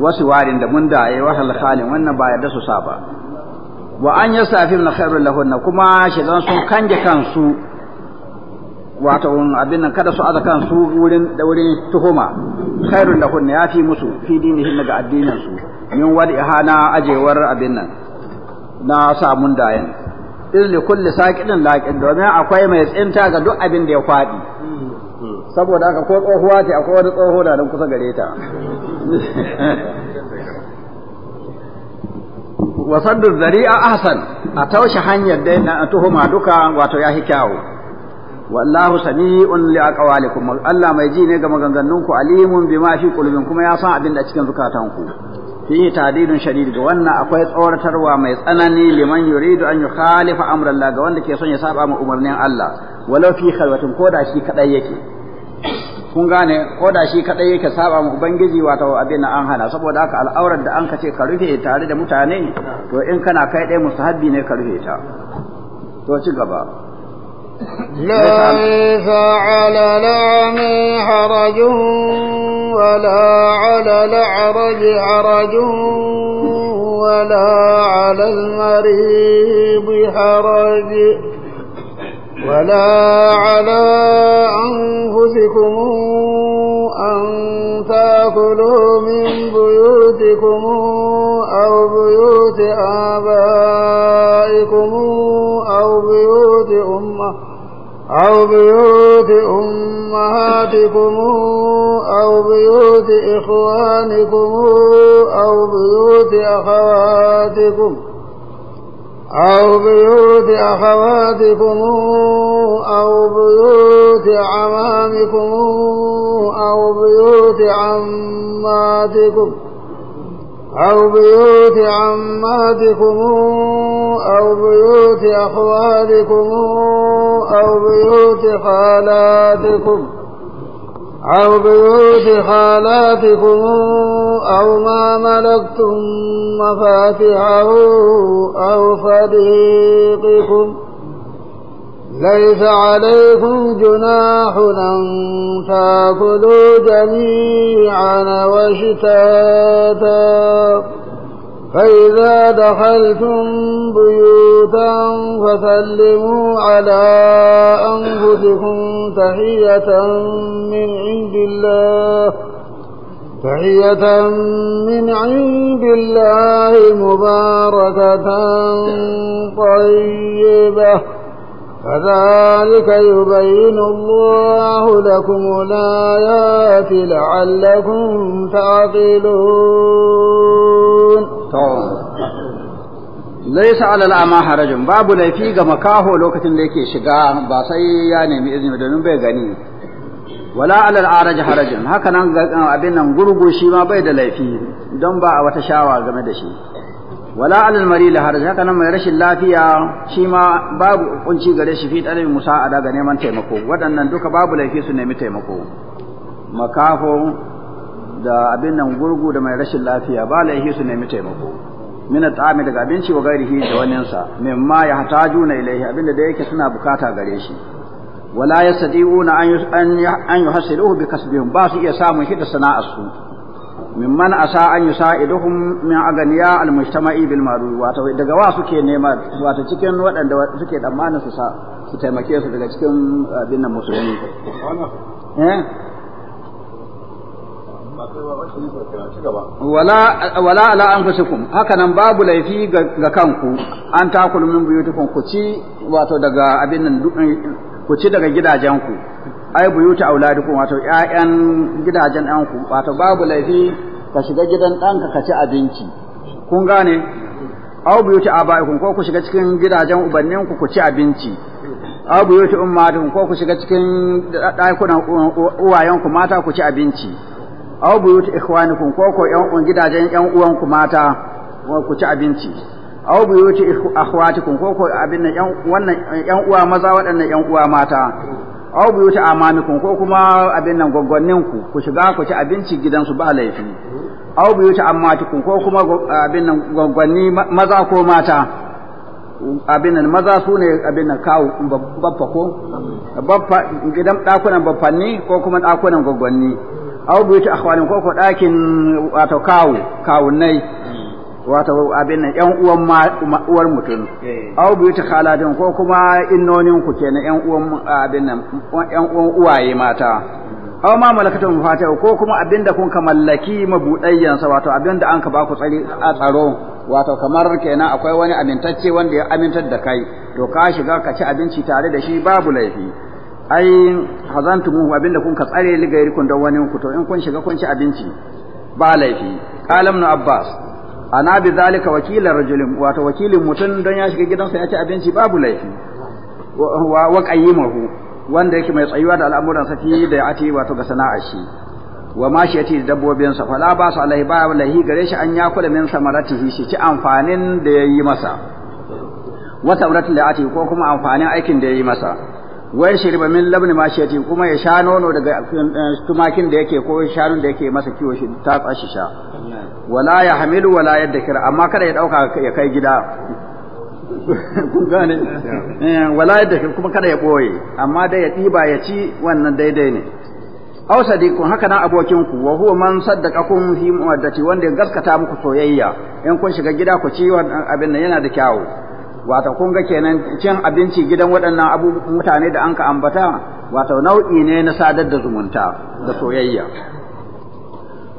wasu warin da mun da ayi wahal khalin wannan ba ya da su sa ba wa an ya safi na khairun lahunna kuma zan sun kanje kansu wato abin nan kada su aza kansu wurin da wurin tuhuma khairun lahunna ya fi musu fi dinihin daga addinin su min wadi ihana ajewar abin nan na samun dayan izli kulli saqidin laqin domin akwai mai tsinta ga duk abin da ya kwadi saboda haka ko tsohuwa ce akwai wani tsoho da nan kusa gare ta wa saddu zari'a ahsan a taushe hanyar dai na tuhuma duka wato ya kyawu wallahu sami'un li aqwalikum Allah mai ji ne ga maganganunku alimun bima fi qulubin kuma ya san abin da cikin zukatanku fihi tadidun shadid ga wannan akwai tsoratarwa mai tsanani liman yuridu an yukhalifa amra Allah ga wanda ke son ya saba ma umarnin Allah walau fi khalwatin ko da shi kadai yake kun gane ko da shi kadai yake saba mu ubangiji wato abin an hana saboda haka al'aurar da an ka ce ka rufe tare da mutane to in kana kai ɗaya musahabi ne ka rufe ta to ci gaba ليس على لعمي حرج ولا على الأعرج حرج ولا على المريض حرج ولا على أنفسكم أن تأكلوا من بيوتكم أو بيوت آبائكم أو بيوت أمة أو بيوت أمهاتكم أو بيوت إخوانكم أو بيوت أخواتكم أو بيوت أخواتكم أو بيوت عمامكم أو بيوت عماتكم أو بيوت عماتكم أو بيوت أخوالكم أو بيوت خالاتكم أو بيوت خالاتكم أو ما ملكتم مفاتحه أو صديقكم ليس عليكم جناح أن تأكلوا جميعا واشتاتا فإذا دخلتم بيوتا فسلموا على أنفسكم تحية من عند الله تحية من عند الله مباركة طيبة كذلك يبين الله لكم الآيات لعلكم تعقلون laisa alal ama harajun babu laifi ga makaho lokacin da yake shiga ba sai ya nemi izini domin bai gani wala alal araj harajin haka nan uh, abin nan gurgu shi ma bai da laifi don ba a wata shawa game da shi wala alal maril haraj haka nan mai rashin lafiya shi ma babu kunci gare shi fi talabin musa'ada ga neman taimako waɗannan duka babu laifi su nemi taimako makafo da abin nan gurgu da mai rashin lafiya ba laifi su nemi taimako min at'ami daga abinci wa gairihi da sa mimma yahtajuna ilayhi abinda da yake suna bukata gare shi wala yastati'una an an yuhasiluhu bi kasbihim ba su iya samun shi da su. sana'arsu mimman asa an yusa'iduhum min aganiya almujtama'i bil ma'ruf wato daga wa suke nema wa wato cikin waɗanda suke tsammanin su su taimake su daga cikin abin nan musulmi eh wala ala anfusikum haka nan babu laifi ga kanku an takulu min buyutikum ku ci wato daga abin nan ku ci daga gidajenku ai buyuta auladikum wato ƴaƴan gidajen ɗanku wato babu laifi ka shiga gidan ɗanka ka ci abinci kun gane aw buyuta abaikum ko ku shiga cikin gidajen ubanninku ku ci abinci aw buyuta ummatikum ko ku shiga cikin ɗakunan uwayenku mata ku ci abinci aw buyuta ikhwanikum ko ko ƴan gidajen ƴan uwanku mata ku ci abinci aw buyuti akhwatikum ko ko abin nan yan wannan yan uwa maza wadannan yan uwa mata aw buyuti amamikum ko kuma abin nan gwaggwannin ku ku shiga ku ci abinci gidan su ba laifi aw buyuti ammatikum ko kuma abin nan gwaggwanni maza ko mata abin nan maza su ne abin nan kawo baffa ko baffa gidan dakunan baffanni ko kuma dakunan gwaggwanni aw buyuti akhwanin ko ko dakin wato kawo kawunnai wato abin nan ƴan uwan uwar mutum eh. aw bi ta khaladin ko kuma innonin ku kenan ƴan uwan abin nan ƴan uwan uwaye mata aw ma malakatun fatiha ko kuma abin da kun ka mallaki mabudayyan sa wato abin da an ka ba ku tsari a tsaro wato kamar kenan akwai wani amintacce wanda ya amintar da kai to ka shiga ka ci abinci tare da shi babu laifi ai mu abin da kun ka tsare ligairi kun da wani ku to in kun shiga kun ci abinci ba laifi qalam abbas ana bi zalika wakilan rajulin wato wakilin mutum don ya shiga gidansa ya ci abinci babu laifi wa wa qayyimahu wanda yake mai tsayuwa da al'amuran sa fi da ati wato ga sana'ar shi wa ma shi yati dabbobin sa fala ba su alai ba lahi gare shi an yakula min samaratihi shi ci amfanin da yayi masa wa samarati da ati ko kuma amfanin aikin da yayi masa wai shirba min labni ma shi kuma ya sha nono daga tumakin da yake ko shanun da yake masa kiwo shi ta tsashi sha wala ya hamilu wala yadda kira amma kada ya dauka ya kai gida kun gane eh, wala yadda kira kuma kada ya boye amma dai ya diba ya ci wannan daidai ne aw sadiqun haka nan abokin ku wa huwa man saddaqakum fi muwaddati wanda ya gaskata muku soyayya in kun shiga gida ku ci wannan abin nan yana da kyawu wato kun ga kenan cin abinci gidan waɗannan abubuwan mutane da an ka ambata wato nau'i ne na sadar da zumunta da soyayya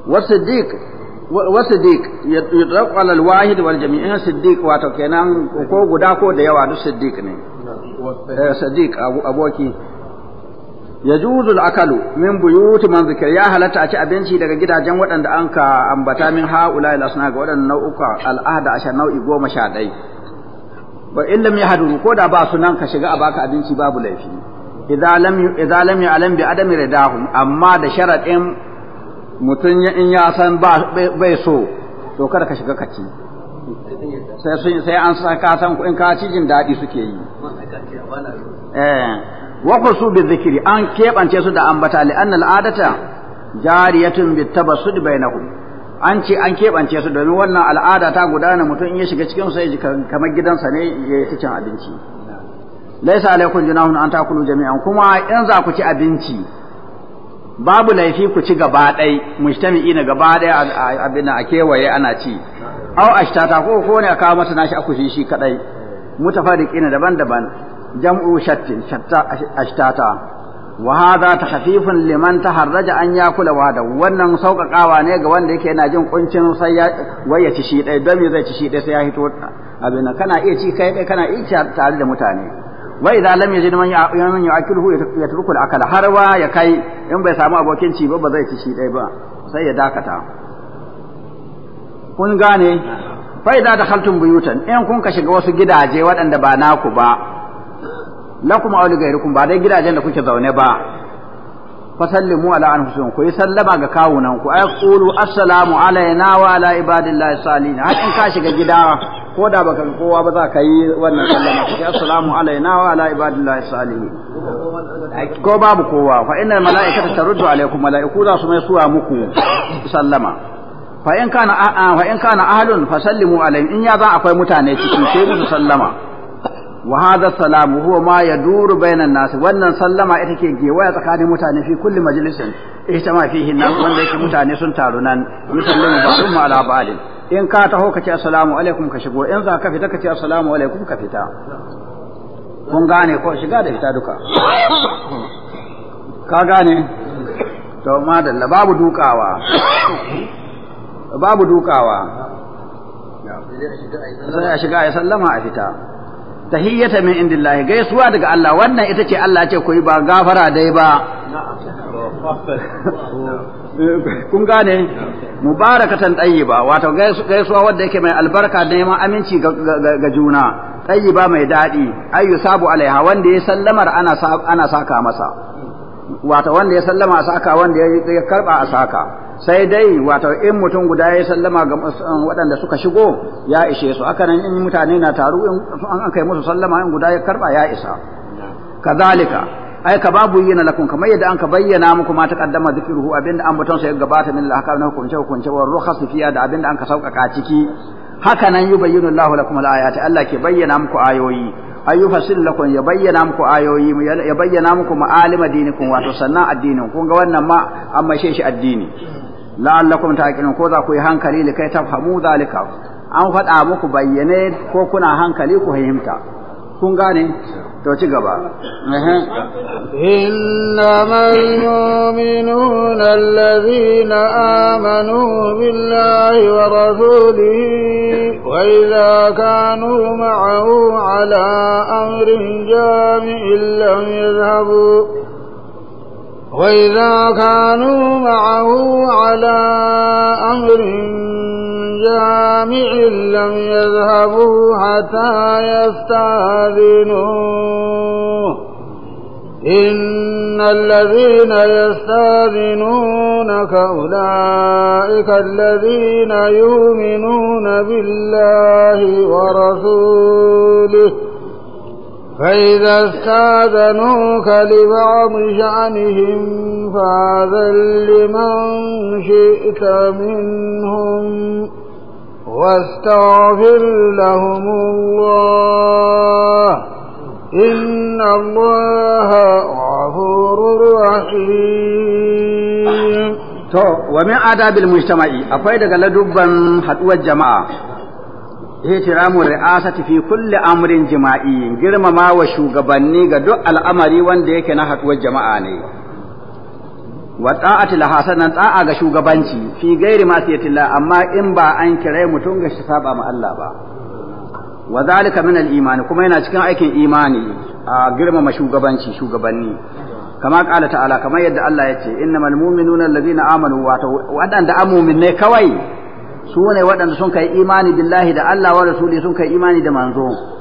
wasiddiq wasiddiq ya ala alwahid wal jami'in siddiq wato kenan ko guda ko da yawa duk siddiq ne eh, siddiq aboki يجوز الأكل من بيوت من ذكر يا هل تأتي أبنتي daga gidajen waɗanda an ka ambata min ha'ula ila suna ga waɗannan nau'uka al'ahda ashar nau'i goma sha wa illam yahduru ko da ba su nan ka shiga a baka abinci babu laifi idza lam idza lam ya'lam bi adami ridahum amma da sharadin mutun in ya san ba bai so to kada ka shiga kaci sai sun sai an ka san in ka ci jin dadi suke yi eh wa khusu bi dhikri an kebance su da ambata li anna al adata jariyatun bit tabassud bainahum an ce an keɓance su domin wannan al'ada ta gudana mutum in ya shiga cikin sai ji kamar gidansa ne ya yi cin abinci laisa alaikum junahun an takulu jami'an kuma in za ku ci abinci babu laifi ku ci gaba ɗai mujtami'i na gaba ɗai abin a kewaye ana ci au ashtata ko ko ne a kawo masa nashi aku shi shi kadai mutafariqina daban-daban jam'u shattin shatta ashtata wa hadha tahfifun liman taharraja an yakula wahda wannan sauƙaƙawa ne ga wanda yake yana jin kuncin sai ya waye ci shi dai don me zai ci shi dai sai ya hito abin kana iya ci kai dai kana iya tare da mutane wa idza lam yajid man ya'kuluhu yatruku al-akala har wa ya kai in bai samu abokin ci ba ba zai ci shi dai ba sai ya dakata kun gane fa idza dakhaltum buyutan in kun ka shiga wasu gidaje waɗanda ba naku ba lakum aw lighairikum ba dai gidajen da kuke zaune ba fa sallimu ala anfusikum ku yi sallama ga kawunan ku ay qulu assalamu alayna wa ala ibadillahi salihin har in ka shiga gida ko da baka ga kowa ba za ka yi wannan sallama ku assalamu alayna wa ala ibadillahi salihin ko babu kowa fa inna malaikata taruddu alaykum malaiku za su mai suwa muku sallama fa in kana fa in kana ahlun fa sallimu alaihim in ya za akwai mutane cikin sai musu sallama wa hadha salamu huwa ma yaduru bayna an wannan sallama ita ke gewaya tsakanin mutane fi kulli majlisin ita ma fihi nan wanda mutane sun taru nan yusallamu ba'dhum ala ba'd in ka taho ka assalamu alaikum ka shigo in fita assalamu alaikum ka fita kun gane ko shiga da fita duka ka gane to madalla babu dukawa babu dukawa a shiga ya sallama a fita tahiyyata min indillahi gaisuwa daga Allah wannan ita ce Allah ce ku yi ba gafara dai ba kun gane mubarakatan tayyiba wato gaisuwa wanda yake mai albarka da neman aminci ga juna tayyiba mai daɗi ayyu sabu alaiha wanda ya sallamar ana ana saka masa wata wanda ya sallama a saka wanda ya karba a saka sai dai wato in mutum guda ya sallama ga um, waɗanda suka shigo ya ishe su aka nan in mutane na taru in an kai musu sallama in guda ya karba ya isa kazalika ai ka babu yana lakum kamar yadda an ka bayyana muku ma kaddama zikruhu abinda an mutum sai gabata min al na hukunce hukunce wa rukhas fiya da abinda an ka sauƙaƙa ciki haka nan yubayyinu Allahu lakum al Allah ke bayyana muku ayoyi ayyufasil lakum ya bayyana muku ayoyi ya bayyana muku ma'alima kun wato sannan addinin kun ga wannan ma an mashe shi addini la'allakum taqilun ko za ku yi hankali likai tafhamu zalika an faɗa muku bayyane ko kuna hankali ku fahimta kun gane to ci gaba innamal mu'minuna alladhina amanu billahi wa rasulihi wa idza kanu ma'ahu ala amrin jami'in lam yadhhabu وإذا كانوا معه على أمر جامع لم يذهبوا حتى يستاذنوه إن الذين يستاذنونك أولئك الذين يؤمنون بالله ورسوله فإذا استاذنوك لبعض شأنهم فاذن لمن شئت منهم واستغفر لهم الله إن الله غفور رحيم to wa min adabil mujtama'i akwai daga laduban haɗuwar jama'a ihtiramu ri'asati fi kulli amrin jima'i girmamawa shugabanni ga duk al'amari wanda yake na haɗuwar jama'a ne wa ta'ati laha sannan ta'a ga shugabanci fi gairi masiyatillah amma in ba an kire mutum ga shi saba ma Allah ba wa zalika min al-imani kuma yana cikin aikin imani a girmama shugabanci shugabanni kama qala ta'ala kama yadda Allah ya ce innamal mu'minuna allazina amanu wa wadanda amumin ne kawai su ne waɗanda sun kai imani billahi da Allah wa rasuli sun kai imani da manzo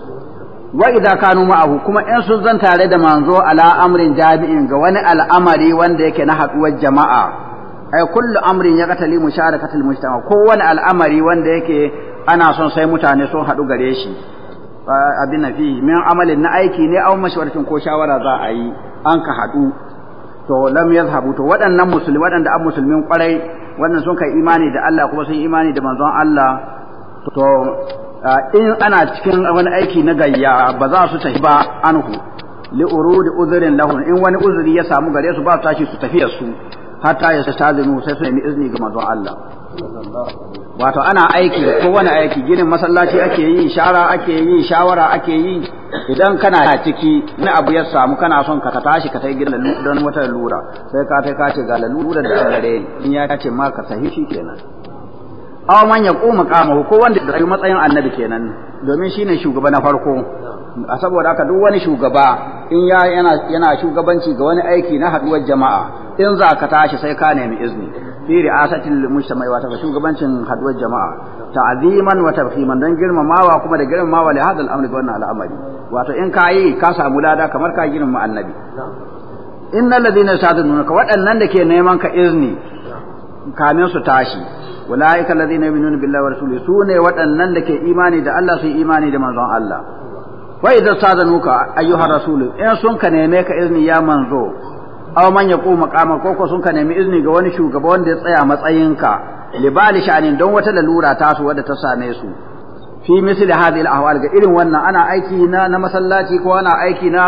wa idza kanu ma'ahu kuma in sun zan tare da manzo ala amrin jami'in ga wani al'amari wanda yake na haduwar jama'a ai kullu amrin ya qatali musharakatul mujtama ko wani al'amari wanda yake ana son sai mutane sun hadu gare shi abin na min amalin na aiki ne aw mashwaratin ko shawara za a yi an ka hadu to lam yazhabu to waɗannan musulmi waɗanda an musulmin kwarai wannan sun kai imani da Allah kuma sun imani da manzon Allah to Ah, in ana cikin wani aiki na gayya ba za su tafi ba anhu li urudi udhrin lahum in wani uzuri ya samu gare su ba su tashi su tafi su hatta ya tazinu sai su nemi izini ga manzon Allah wato ana aiki ko wani aiki ginin masallaci ake yi shara ake yi shawara ake yi idan kana ciki na abu ya samu kana son ka tashi ka tai gidan don wata lura sai ka tai ka ce ga lalura da gare in ya ce ma ka tafi shi kenan aw man kuma kama ko wanda da matsayin annabi kenan domin shine shugaba na farko saboda haka duk wani shugaba in ya yana yana shugabanci ga wani aiki na haduwar jama'a in za ka tashi sai ka nemi izini fi ri'asatil mujtama'i wa shugabancin haduwar jama'a ta'ziman wa tafhiman dan girmamawa kuma da girmamawa li hadal amri wannan al'amari wato in ka yi ka samu lada kamar ka girmama annabi innal ladina sadunka waɗannan da ke neman ka izini kamin su tashi ulaika alladhina yu'minuna billahi wa su ne waɗannan da ke imani da Allah su imani da manzon Allah wa idza sadanuka ayyuha rasulu in sun ka neme ka izini ya manzo aw man yaqu maqama ko ko sun ka nemi izini ga wani shugaba wanda ya tsaya matsayinka libali sha'anin don wata lalura tasu wadda ta same su fi misli hadhihi al-ahwal ga irin wannan ana aiki na na masallaci ko ana aiki na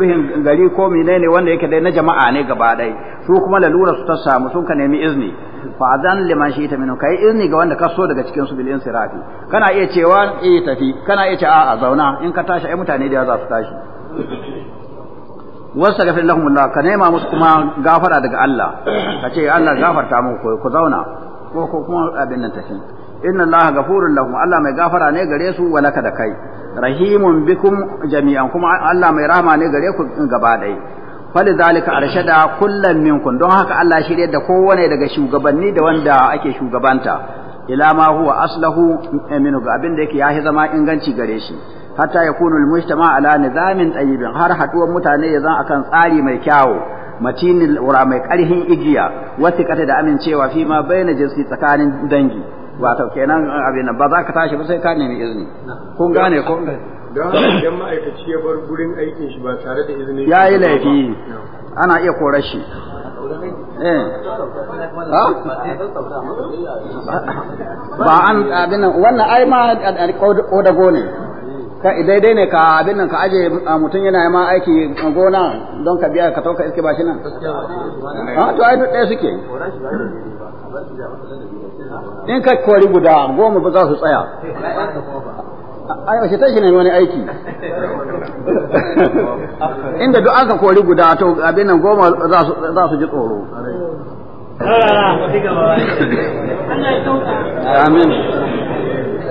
ruhin gari ko menene wanda yake dai na jama'a ne gaba dai su kuma lalura su ta samu sun ka nemi izni fa adan liman shi ta minu kai izni ga wanda ka so daga cikin su bil insirafi kana iya cewa eh tafi kana iya cewa a'a zauna in ka tashi ai mutane da za su tashi wasa gafir lahum Allah ka nema musu kuma gafara daga Allah ka ce Allah gafarta muku ku zauna ko kuma abin nan tafi inna allaha ghafurun lahum Allah mai gafara ne gare su walaka da kai rahimun bikum jami'an kuma Allah mai rahama ne gare ku gaba ɗaya zalika arshada kullam minkum don haka Allah shirye da kowane daga shugabanni da wanda ake shugabanta ila ma huwa aslahu eh, min ga abin da yake yahi zama inganci gare shi hatta yakunu almujtama ala nizamin tayyibin har haduwar mutane ya zan akan tsari mai kyawu matinin wura mai karhin igiya wasiƙata da amincewa fi ma bayyana jinsi tsakanin dangi wato kenan eh, abin nan ba za ka tashi ba sai ka nemi izini kun gane ko don idan ma'aikaci ya bar gurin aikin shi ba tare da izini ya yi laifi ana iya korar shi eh. ba an abin wannan ai ma kodago ne ka daidai ne ka abin nan ka aje mutum yana yi ma aiki gona don ka biya ka tauka iske ba shi nan to ai duk ɗaya suke in ka kori guda goma ba za su tsaya ai shi tashi ne wani aiki inda duk aka kori guda to abin nan goma za su ji tsoro amin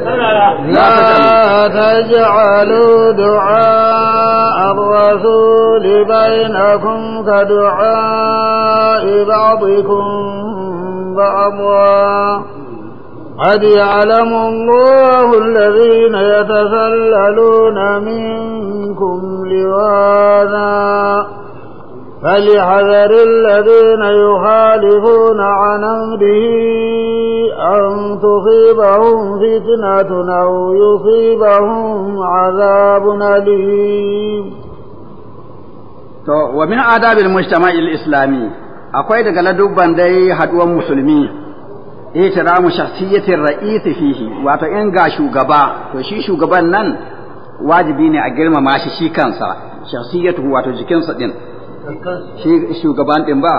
لا تجعلوا دعاء الرسول بينكم كدعاء بعضكم بعضا قد يعلم الله الذين يتسللون منكم لواذا فليحذر الذين يخالفون عن أمره أن تصيبهم فتنة أو يصيبهم عذاب أليم to wa min adabil mujtama'il islami akwai daga ladubban dai haduwan musulmi itiramu shakhsiyatir ra'isi fihi wato in ga shugaba to shi shugaban nan wajibi ne a girmama shi shi kansa shakhsiyatu wato jikinsa din shi shugaban din ba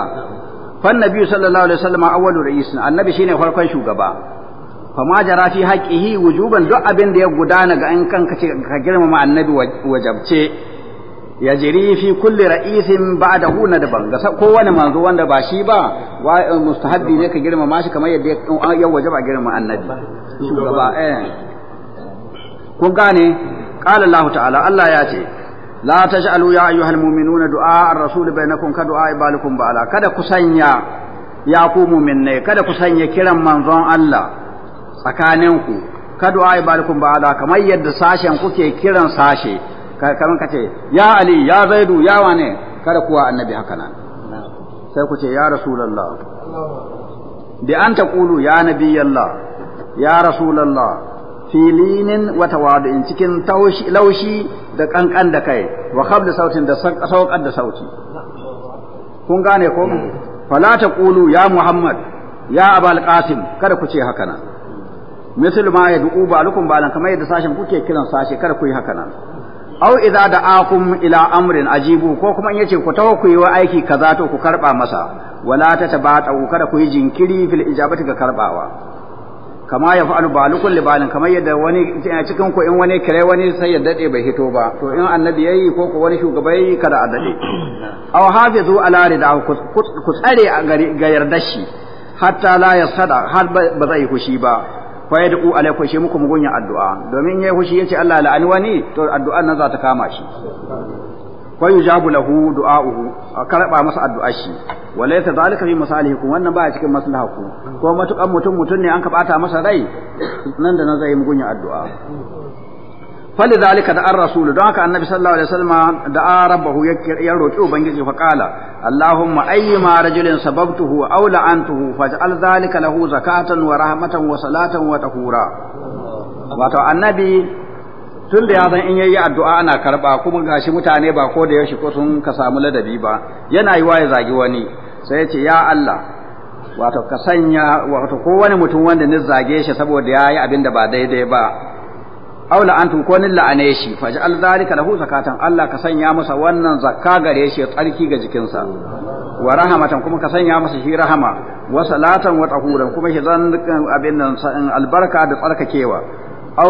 fa annabi sallallahu alaihi wasallam awwalu ra'is annabi shine farkon shugaba fa ma jara fi haqqihi wujuban duk abin da ya gudana ga an kanka ce ka girmama annabi wajabce ya jiri fi kulli ra'isin ba da huna daban ga kowane manzo wanda ba shi ba wa eh, mustahabbi ne ka girma shi kamar yadda ya eh, waje ba girma annabi shugaba eh kun gane qala Allah ta'ala Allah ya ce la taj'alu ya ayyuhal mu'minuna du'a ar-rasul bainakum ka du'a ibalikum ba'ala kada ku sanya ya ku mu'minai kada ku sanya kiran manzon Allah tsakaninku ka du'a ibalikum ba'ala kamar yadda sashen kuke kiran sashe kamar ka ce ya ali ya zaidu ya wane kada kuwa annabi haka nan sai ku ce ya rasulullah bi an ta Kulu ya nabiyallah ya rasulullah filinin wa tawadu'in cikin laushi da kankan da kai wa khabla sautin da sauƙar da sauti kun gane ko hmm. fala Kulu, ya muhammad ya abal qasim kada ku ce haka nan misal ma yad'u ba'lukum ba'lan kamar yadda sashin kuke kiran sashi kada ku yi haka nan au idza da'akum ila amrin ajibu ko kuma in yace ku tawo ku yi wa aiki kaza to ku karba masa wala tatabata ku kada ku yi jinkiri fil ijabati ga karbawa kama ya fa'alu balukun libalin kamar yadda wani cikin ku in wani kire wani sai ya dade bai hito ba to in annabi yayi ko ku wani shugaba yayi kada a dade aw hafizu ala rida ku tsare ga yardashi shi hatta la yasada har ba zai kushi ba fa alai ko shi muku mugunya addu'a domin yayi hushi yace Allah la'ani wani to addu'an nan za ta kama shi fa yujabu lahu du'a'uhu karaba masa addu'a shi walaysa zalika fi masalihikum wannan ba cikin maslahaku ko matukan mutum mutum ne an ka bata masa rai nan da nan zai mugunya addu'a فلذلك دعا الرسول دعاك النبي صلى الله عليه وسلم دعا ربه يروك وبنجزي فقال اللهم أيما رجل سببته أو لعنته فاجعل ذلك له زكاة ورحمة وصلاة وتهورا wato annabi tun da ya zan in yayi addu'a ana karba kuma gashi mutane ba ko da yaushe ko sun ka samu ladabi ba yana yi ya zagi wani sai ya ce ya Allah wato ka sanya wato ko wani mutum wanda ni zage shi saboda yayi abin da ba daidai ba aw la'antum ko nin la'ane shi faj'al zalika lahu zakatan Allah ka sanya masa wannan zakka gare shi tsarki ga jikinsa wa rahamatan kuma ka sanya masa shi rahama wa salatan wa tahuran kuma shi zan abin nan albarka da tsarkakewa aw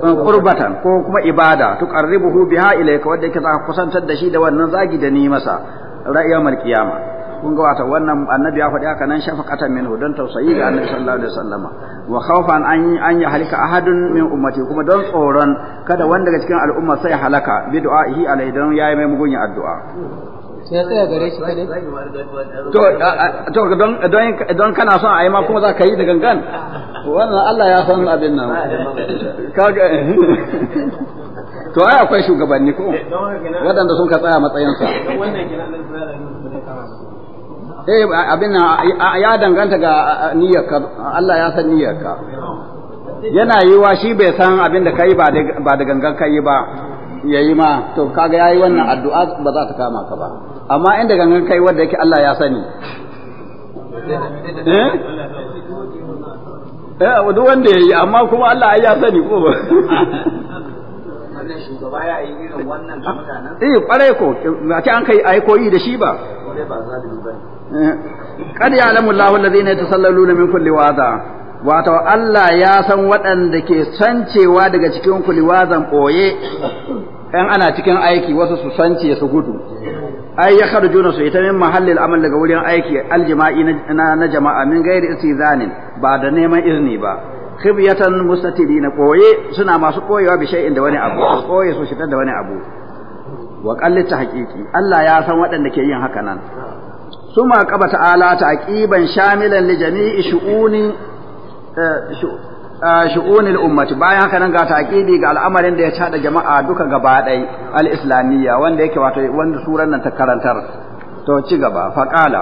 qurbatan ko kuma ibada tuqarribuhu biha ilayka wanda yake za kusantar da shi da wannan zagi da ni masa ra'ayyar kiyama kun ga wata wannan annabi ya faɗi haka nan shafaqatan minhu don tausayi ga annabi sallallahu alaihi wasallama wa khawfan an an ya halika ahadun min ummati kuma don tsoron kada wanda daga cikin al'umma sai halaka bi du'a'ihi alai don yayi mai mugunya addu'a sai tsaya gare shi kadai to don don don kana son ayi ma kuma za ka yi da gangan wannan Allah ya san abin nan kaga to ai akwai shugabanni ko eh, waɗanda sun ka tsaya matsayinsa dai abin ya danganta ga niyyarka Allah ya san niyyarka yana wa shi bai san abin da kai ba da gangan kai ba yayi ma to kaga yayi wannan addu'a ba za ta kama ka ba amma inda gangan kai wanda yake Allah ya sani eh eh duk wanda yayi amma kuma Allah ya sani ko ba shugaba ya yi irin wannan ga mutanen eh ko A ce an kai ayi koyi da shi ba ba kad ya'lamu ne ta yatasallaluna min kulli waza wato Allah ya san waɗanda ke sancewa daga cikin kulli wazan boye ɗan ana cikin aiki wasu su sance su gudu ai ya kharjuna su ita min mahallin amal daga wurin aiki aljima'i na na jama'a min ghairi istizanin ba da neman izini ba khibyatan mustatirina koye suna masu koyewa bi shay'in da wani abu koye su shitar da wani abu wa qallit haqiqi Allah ya san waɗanda ke yin haka nan ثم قبل تعالى تعقيبا شاملا لجميع شؤون shu'unil ummati bayan haka nan ga taqibi ga al'amarin da ya tada jama'a duka gaba ɗai al-islamiyya wanda wato wanda suran nan ta karantar to ci gaba fa qala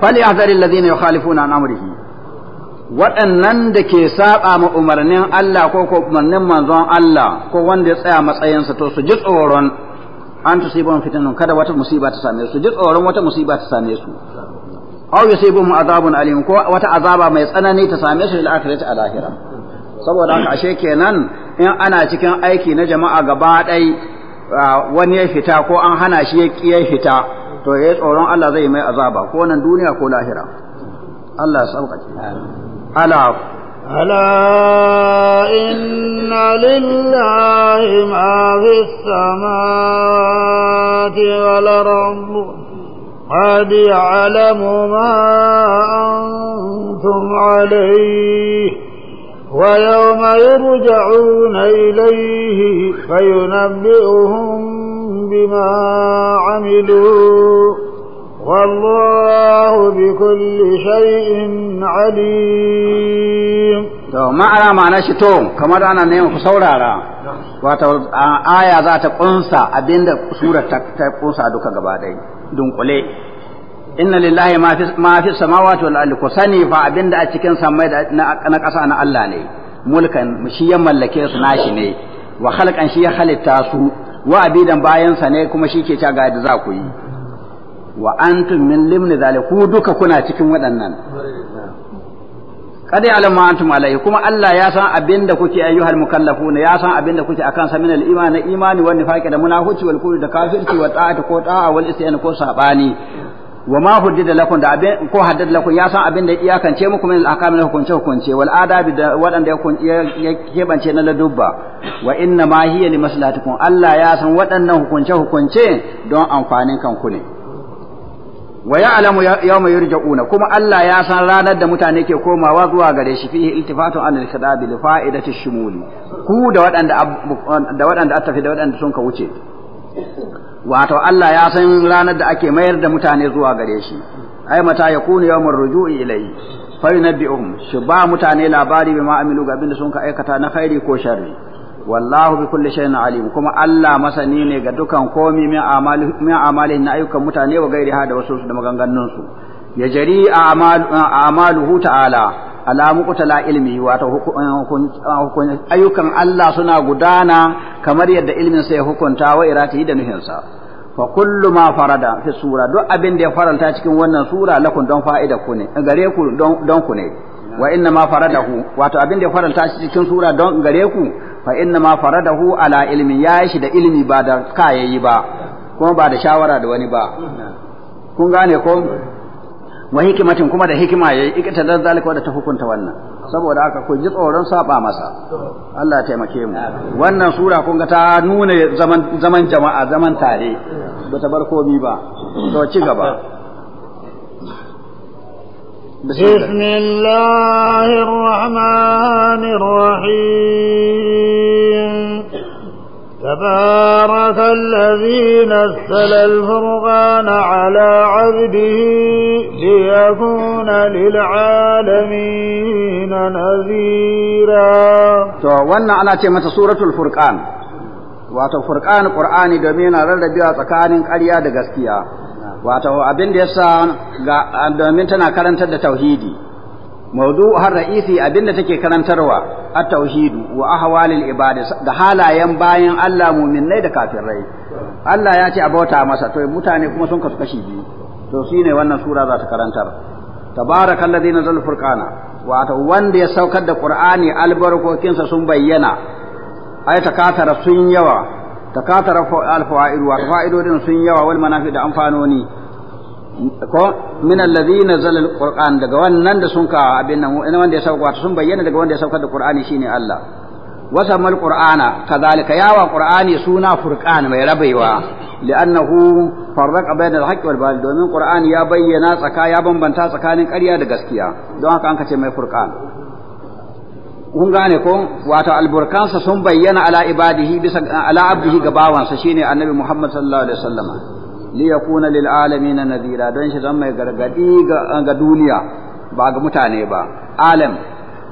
fali azari alladhina yukhalifuna an amrihi waɗannan da ke saba ma umarnin Allah ko ko umarnin manzon Allah ko wanda ya tsaya matsayinsa to su ji tsoron an tusibahum fitanun kada wata musiba ta same su duk tsoron wata musiba ta same su aw mu azabun alim ko wata azaba mai tsanani ta same su lil akhirati a lahira saboda haka ashe kenan in ana cikin aiki na jama'a gaba ɗai wani ya fita ko an hana shi ya fita to ya tsoron Allah zai mai azaba ko nan duniya ko lahira Allah ya sauƙaƙe ala ألا إن لله ما في السماوات والأرض قد يعلم ما أنتم عليه ويوم يرجعون إليه فينبئهم بما عملوا والله بكل شيء عليم to ma'ana ma'ana shi to kamar ana neman ku saurara wato aya za ta kunsa abinda sura ta kunsa duka gaba dai dunkule inna lillahi ma fi samawati wal ardi kusani fa abinda a cikin samai na kasa na Allah ne mulkan shi ya mallake su nashi ne wa khalqan shi ya halitta su wa abidan sa ne kuma shi ke ta ga yadda za ku yi wa antum min limni zalik ku duka kuna cikin waɗannan kad ya'lam ma kuma Allah ya san abinda kuke ayyuhal mukallafuna ya san abinda kuke akan sa min al iman na imani wa nifaqi da munafici wal kufri da kafirci wa ta'ati ko ta'a wal isyan ko sabani wa ma huddida da abin ko ya san abinda ya iyakance muku min al na hukunce hukunce wal adabi da wadanda ya kebance na ladubba wa inna ma hiya li maslahatikum Allah ya san waɗannan hukunce hukunce don amfanin kanku ne wa ya'lamu yawma yurja'una kuma Allah ya san ranar da mutane ke komawa zuwa gare shi iltifatu an al khitabi li fa'idati shumuli ku da waɗanda da waɗanda aka tafi da waɗanda sun ka wuce wato Allah ya san ranar da ake mayar da mutane zuwa gare shi ai mata yakunu yawmar ruju'i ilayhi fa yunabbi'uhum shi ba mutane labari bima amilu ga abinda sun ka aikata na khairi ko sharri wallahu bi kulli shay'in alim kuma Allah masani ne ga dukan komi min amali min amali na ayyukan mutane wa gairi ha da wasu da maganganun su ya jari amaluhu ta'ala ala muqtala ilmi wato eh, eh, ayyukan Allah suna gudana kamar yadda ilmin sai hukunta wa iratihi da sa fa kullu ma farada fi sura duk abin da ya faranta cikin wannan sura lakun don fa'ida ku ne gare ku don ku ne wa inna ma faradahu wato abin da ya faranta cikin sura don gare ku fa inna ma faradahu ala ilmi ya shi da ilmi ba da kayayi ba kuma ba da shawara da wani ba kun gane ko wa hikimatin kuma da hikima yayi ikita da zalika wadda ta hukunta wannan saboda haka ku ji tsoron saba masa Allah ya taimake mu wannan sura kun ga ta nuna zaman zaman jama'a zaman tare ba ta bar komi ba to ci gaba بسم الله, بسم الله الرحمن الرحيم تبارك الذي نزل الفرقان على عبده ليكون للعالمين نذيرا to wannan ana ce mata suratul furqan wato furqan qur'ani domin rarrabewa tsakanin ƙarya da gaskiya wato abin da yasa ga domin tana karantar da tauhidi maudu har ra'isi abin da take karantarwa at tauhidu wa ahwalil ibadi da halayen bayan Allah mu'minai da kafirai Allah ya ce a bauta masa to mutane kuma sun kasu kashi biyu to shine wannan sura za ta karantar tabarakallazi nazal furqana wato wanda ya saukar da qur'ani albarkokinsa sun bayyana ai kafara sun yawa takatara alfa'id wa fa'idodin sun yawa wal manafi da amfanoni ko min allazi nazzala alquran daga wannan da sun ka abin nan wanda ya sauka sun bayyana daga wanda ya sauka da qur'ani shine Allah wasamal qur'ana kadhalika yawa qur'ani suna furqan mai rabewa li'annahu farraqa bayna al-haqqi wal batil domin qur'ani ya bayyana tsaka ya bambanta tsakanin ƙarya da gaskiya don haka an kace mai furqan kun gane ko wato alburkansa sun bayyana ala ibadihi bisa ala abdihi ga bawansa shine annabi Muhammad sallallahu alaihi wasallama li yakuna lil alamin nadira don shi zan mai gargadi ga duniya ba ga mutane ba alam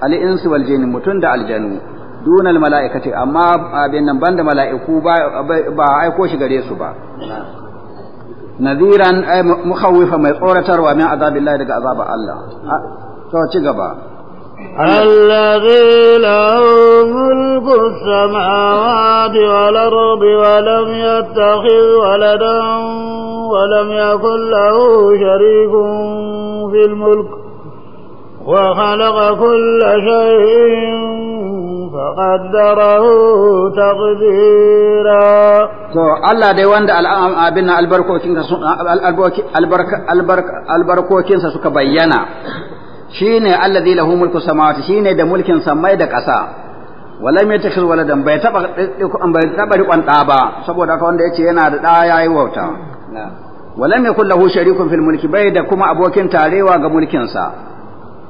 al insu wal jin mutun da aljanu duna al malaikati amma abin nan banda malaiku ba ba aiko shi gare su ba nadiran ay eh, mukhawifa mai tsoratarwa min azabillahi daga azaba Allah to ci gaba الذي له ملك السماوات والأرض ولم يتخذ ولدا ولم يكن له شريك في الملك وخلق كل شيء فقدره تقديرا to Allah dai wanda abin albarkokinsa suka bayyana shine allazi lahu mulku samawati shine da mulkin samai da ƙasa walam yatakhiz waladan bai taba bai taba rikon da ba saboda haka wanda yace yana da da yayi wauta walam yakul lahu sharikun fil mulki bai da kuma abokin tarewa ga mulkin sa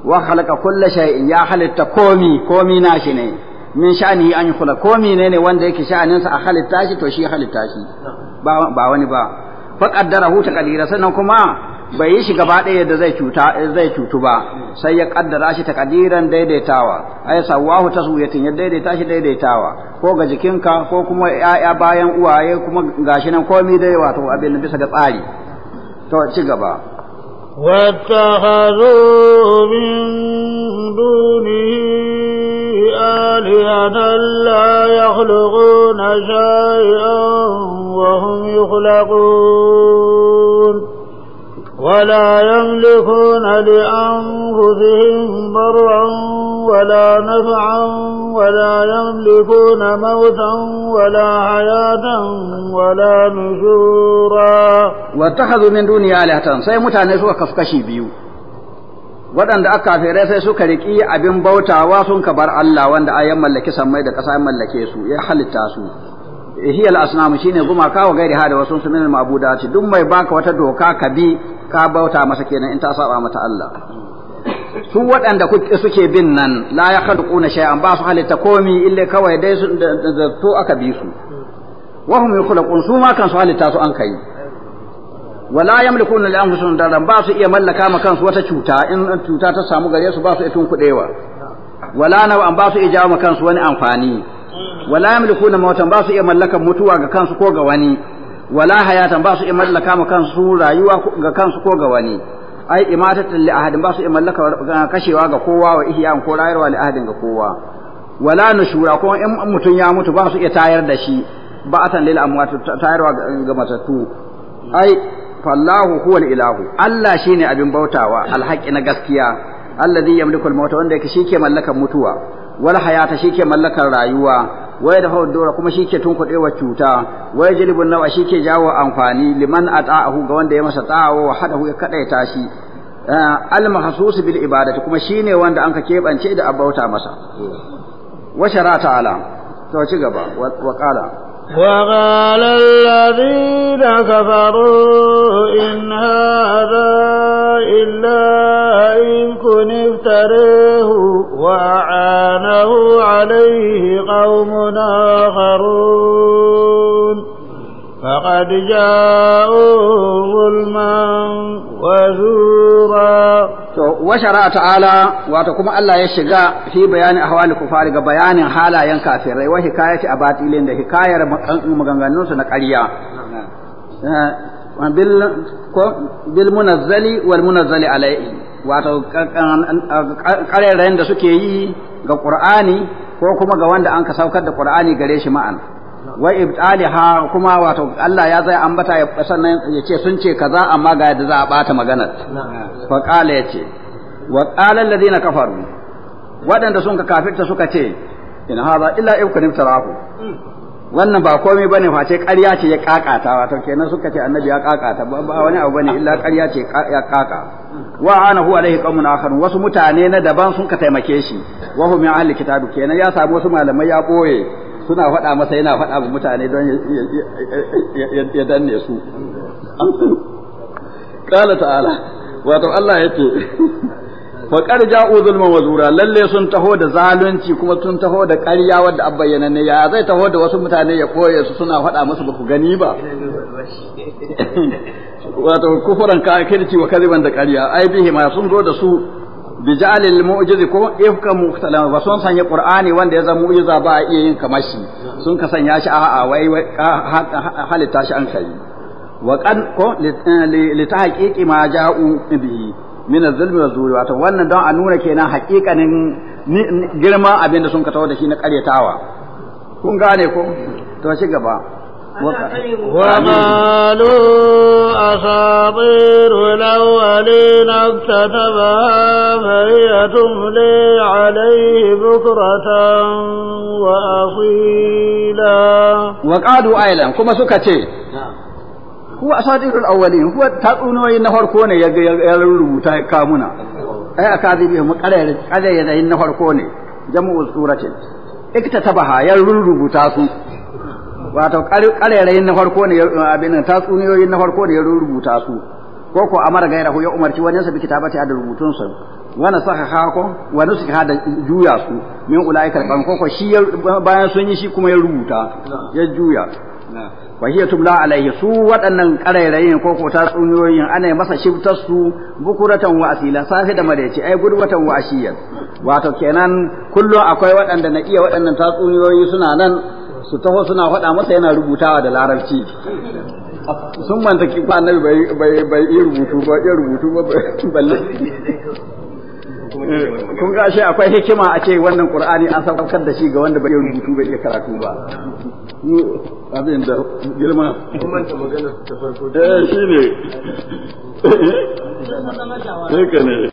wa khalaqa kulla shay'in ya halitta komi komi shi ne min sha'ani an yukula komi ne ne wanda yake sha'anin sa a halitta shi to shi halitta shi ba ba wani ba fa taqdira sannan kuma bai yi shi gaba ɗaya da zai cuta zai cutu ba sai ya kaddara shi takadiran daidaitawa ai sawahu taswiyatin ya daidaita shi daidaitawa ko ga jikinka ko kuma ya bayan uwaye kuma gashi nan komai dai wato abin bisa ga tsari to ci gaba min duni دونه la yakhluquna shay'an wa hum يخلقون ولا يملكون لأنفسهم برا ولا نفعا ولا يملكون موتا ولا حياة ولا نشورا واتخذوا من دوني آلهة سي متاني سوى كفكشي بيو waɗanda aka kafirai sai suka riƙi abin bautawa sun ka bar Allah wanda a ya mallaki sammai da ƙasa mallake su ya halitta su hiya al shine gumaka wa gairi hada wasu sunan ma'budati duk mai baka wata doka ka bi ka bauta masa kenan in ta saba mata Allah su waɗanda suke bin nan la ya khalquna shay'an ba su halitta komi illa kawai dai su da to aka bi su wa hum yukhlaqun su ma kan su halitta su an kai wala yamlikuna li anfusihim darran ba su iya mallaka ma kansu wata cuta in cuta ta samu gare su ba su iya kudewa wala nawa an ba su iya jawo ma kansu wani amfani wala yamlikuna mautan ba su iya mallakan mutuwa ga kansu ko ga wani wala hayatan ba su in mallaka ma kansu rayuwa ga kansu ko ga wani ai imatatan li ahadin ba su in mallaka kashewa ga kowa wa ihyan ko rayuwa li ahadin ga kowa wala nashura ko in mutum ya mutu ba su iya tayar da shi ba atan lil amwat tayarwa ga matattu ai fallahu huwal ilahu Allah shine abin bautawa alhaqi na gaskiya alladhi yamliku al-mauta wanda yake shi ke mallakan mutuwa wal hayata shike mallakar rayuwa wai da hawar dora kuma shike kuɗewa cuta wai jilibun nawa shike jawo amfani liman ata'ahu ga wanda ya masa ta'awo wa hadahu ya kadaita shi eh, al bil ibadati kuma shine wanda anka kebance da abauta masa hmm. wa shara ta'ala to ci gaba wa qala وقال الذين كفروا إن هذا إلا إن كن افتريه وأعانه عليه قوم آخرون وقد جاءوا ظلما وزورا وشرع تعالى واتكم الله يشجع في بيان أحوال الكفار بيان حالا ينكافر وحكاية أبات أباطيلين حكاية مغنغنون سنقريا bilmunazzali wal munazzali alaihi wato karerayen da suke yi ga qur'ani ko kuma ga wanda an ka saukar da qur'ani gare shi ma'ana wa ibtaliha kuma wato Allah ya zai ambata ya sannan ya ce sun ce kaza amma ga yadda za a bata maganar fa qala ya ce wa qala alladhina kafaru waɗanda sun ka kafirta suka ce in hadha illa ibkun tarahu wannan ba komai bane face ƙarya ce ya kakata wato kenan suka ce annabi ya kakata ba wani abu bane illa ƙarya ce ya kaka wa ana hu alaihi qaumun akharun wasu mutane na daban sun ka taimake shi wa hum min ahli kitab kenan ya samu wasu malamai ya boye suna faɗa masa yana faɗa wa mutane don ya danne su ƙala ta'ala wato Allah ya ce Faƙar qad ja'u zulman wa zura lalle sun taho da zalunci kuma sun taho da ƙarya wadda an bayyana ne ya zai taho da wasu mutane ya koye su suna faɗa musu ba ku gani ba wato kufuran kafirci wa kaziban da ƙarya ai bihi ma sun zo da su bi ja'alil mu'jizi ko ifka muhtalan ba sun sanya qur'ani wanda ya zama mu'jiza ba a iya yin kamar shi sun ka sanya shi a'a wai halitta shi an kai wa kan ko li ta haqiqi ma ja'u bihi min az-zulmi wa zuri wato wannan don a nuna kenan haqiqanin girman abin da sun ka tawo da shi na karyatawa kun gane ko to shi gaba وقالوا أساطير الأولين اكتتبها فهي تملي عليه بكرة وأصيلا وقالوا أيلا كما سكتي huwa na farko ne ya rubuta kamuna ai akadibi mu kadare kadare na farko ne jam'u suratin ikta tabaha ya rubuta su wato ƙarairayin na farko ne abin nan tatsuniyoyin na farko ne ya rubuta su ko ko amar gaira ya umarci wani sa kitaba ta da rubutun sa wani saka hako wani suka da juya su min ulaikar ban ko ko shi bayan sun yi shi kuma ya rubuta ya juya wa hiya tubla alaihi su waɗannan ƙarairayin ko ko tatsuniyoyin ana masa shibtar su bukuratan wa asila safi da madaici ai gudwatan wa ashiyan wato kenan kullum akwai waɗanda na iya waɗannan tatsuniyoyi suna nan su taho suna faɗa masa yana rubutawa da larabci sun manta ki na bai bai yi rubutu ba yi rubutu ba balle kun ga shi akwai hikima a ce wannan qur'ani an saukar da shi ga wanda bai rubutu bai iya karatu ba abin da girma kuma ta magana ta farko eh shine ka ne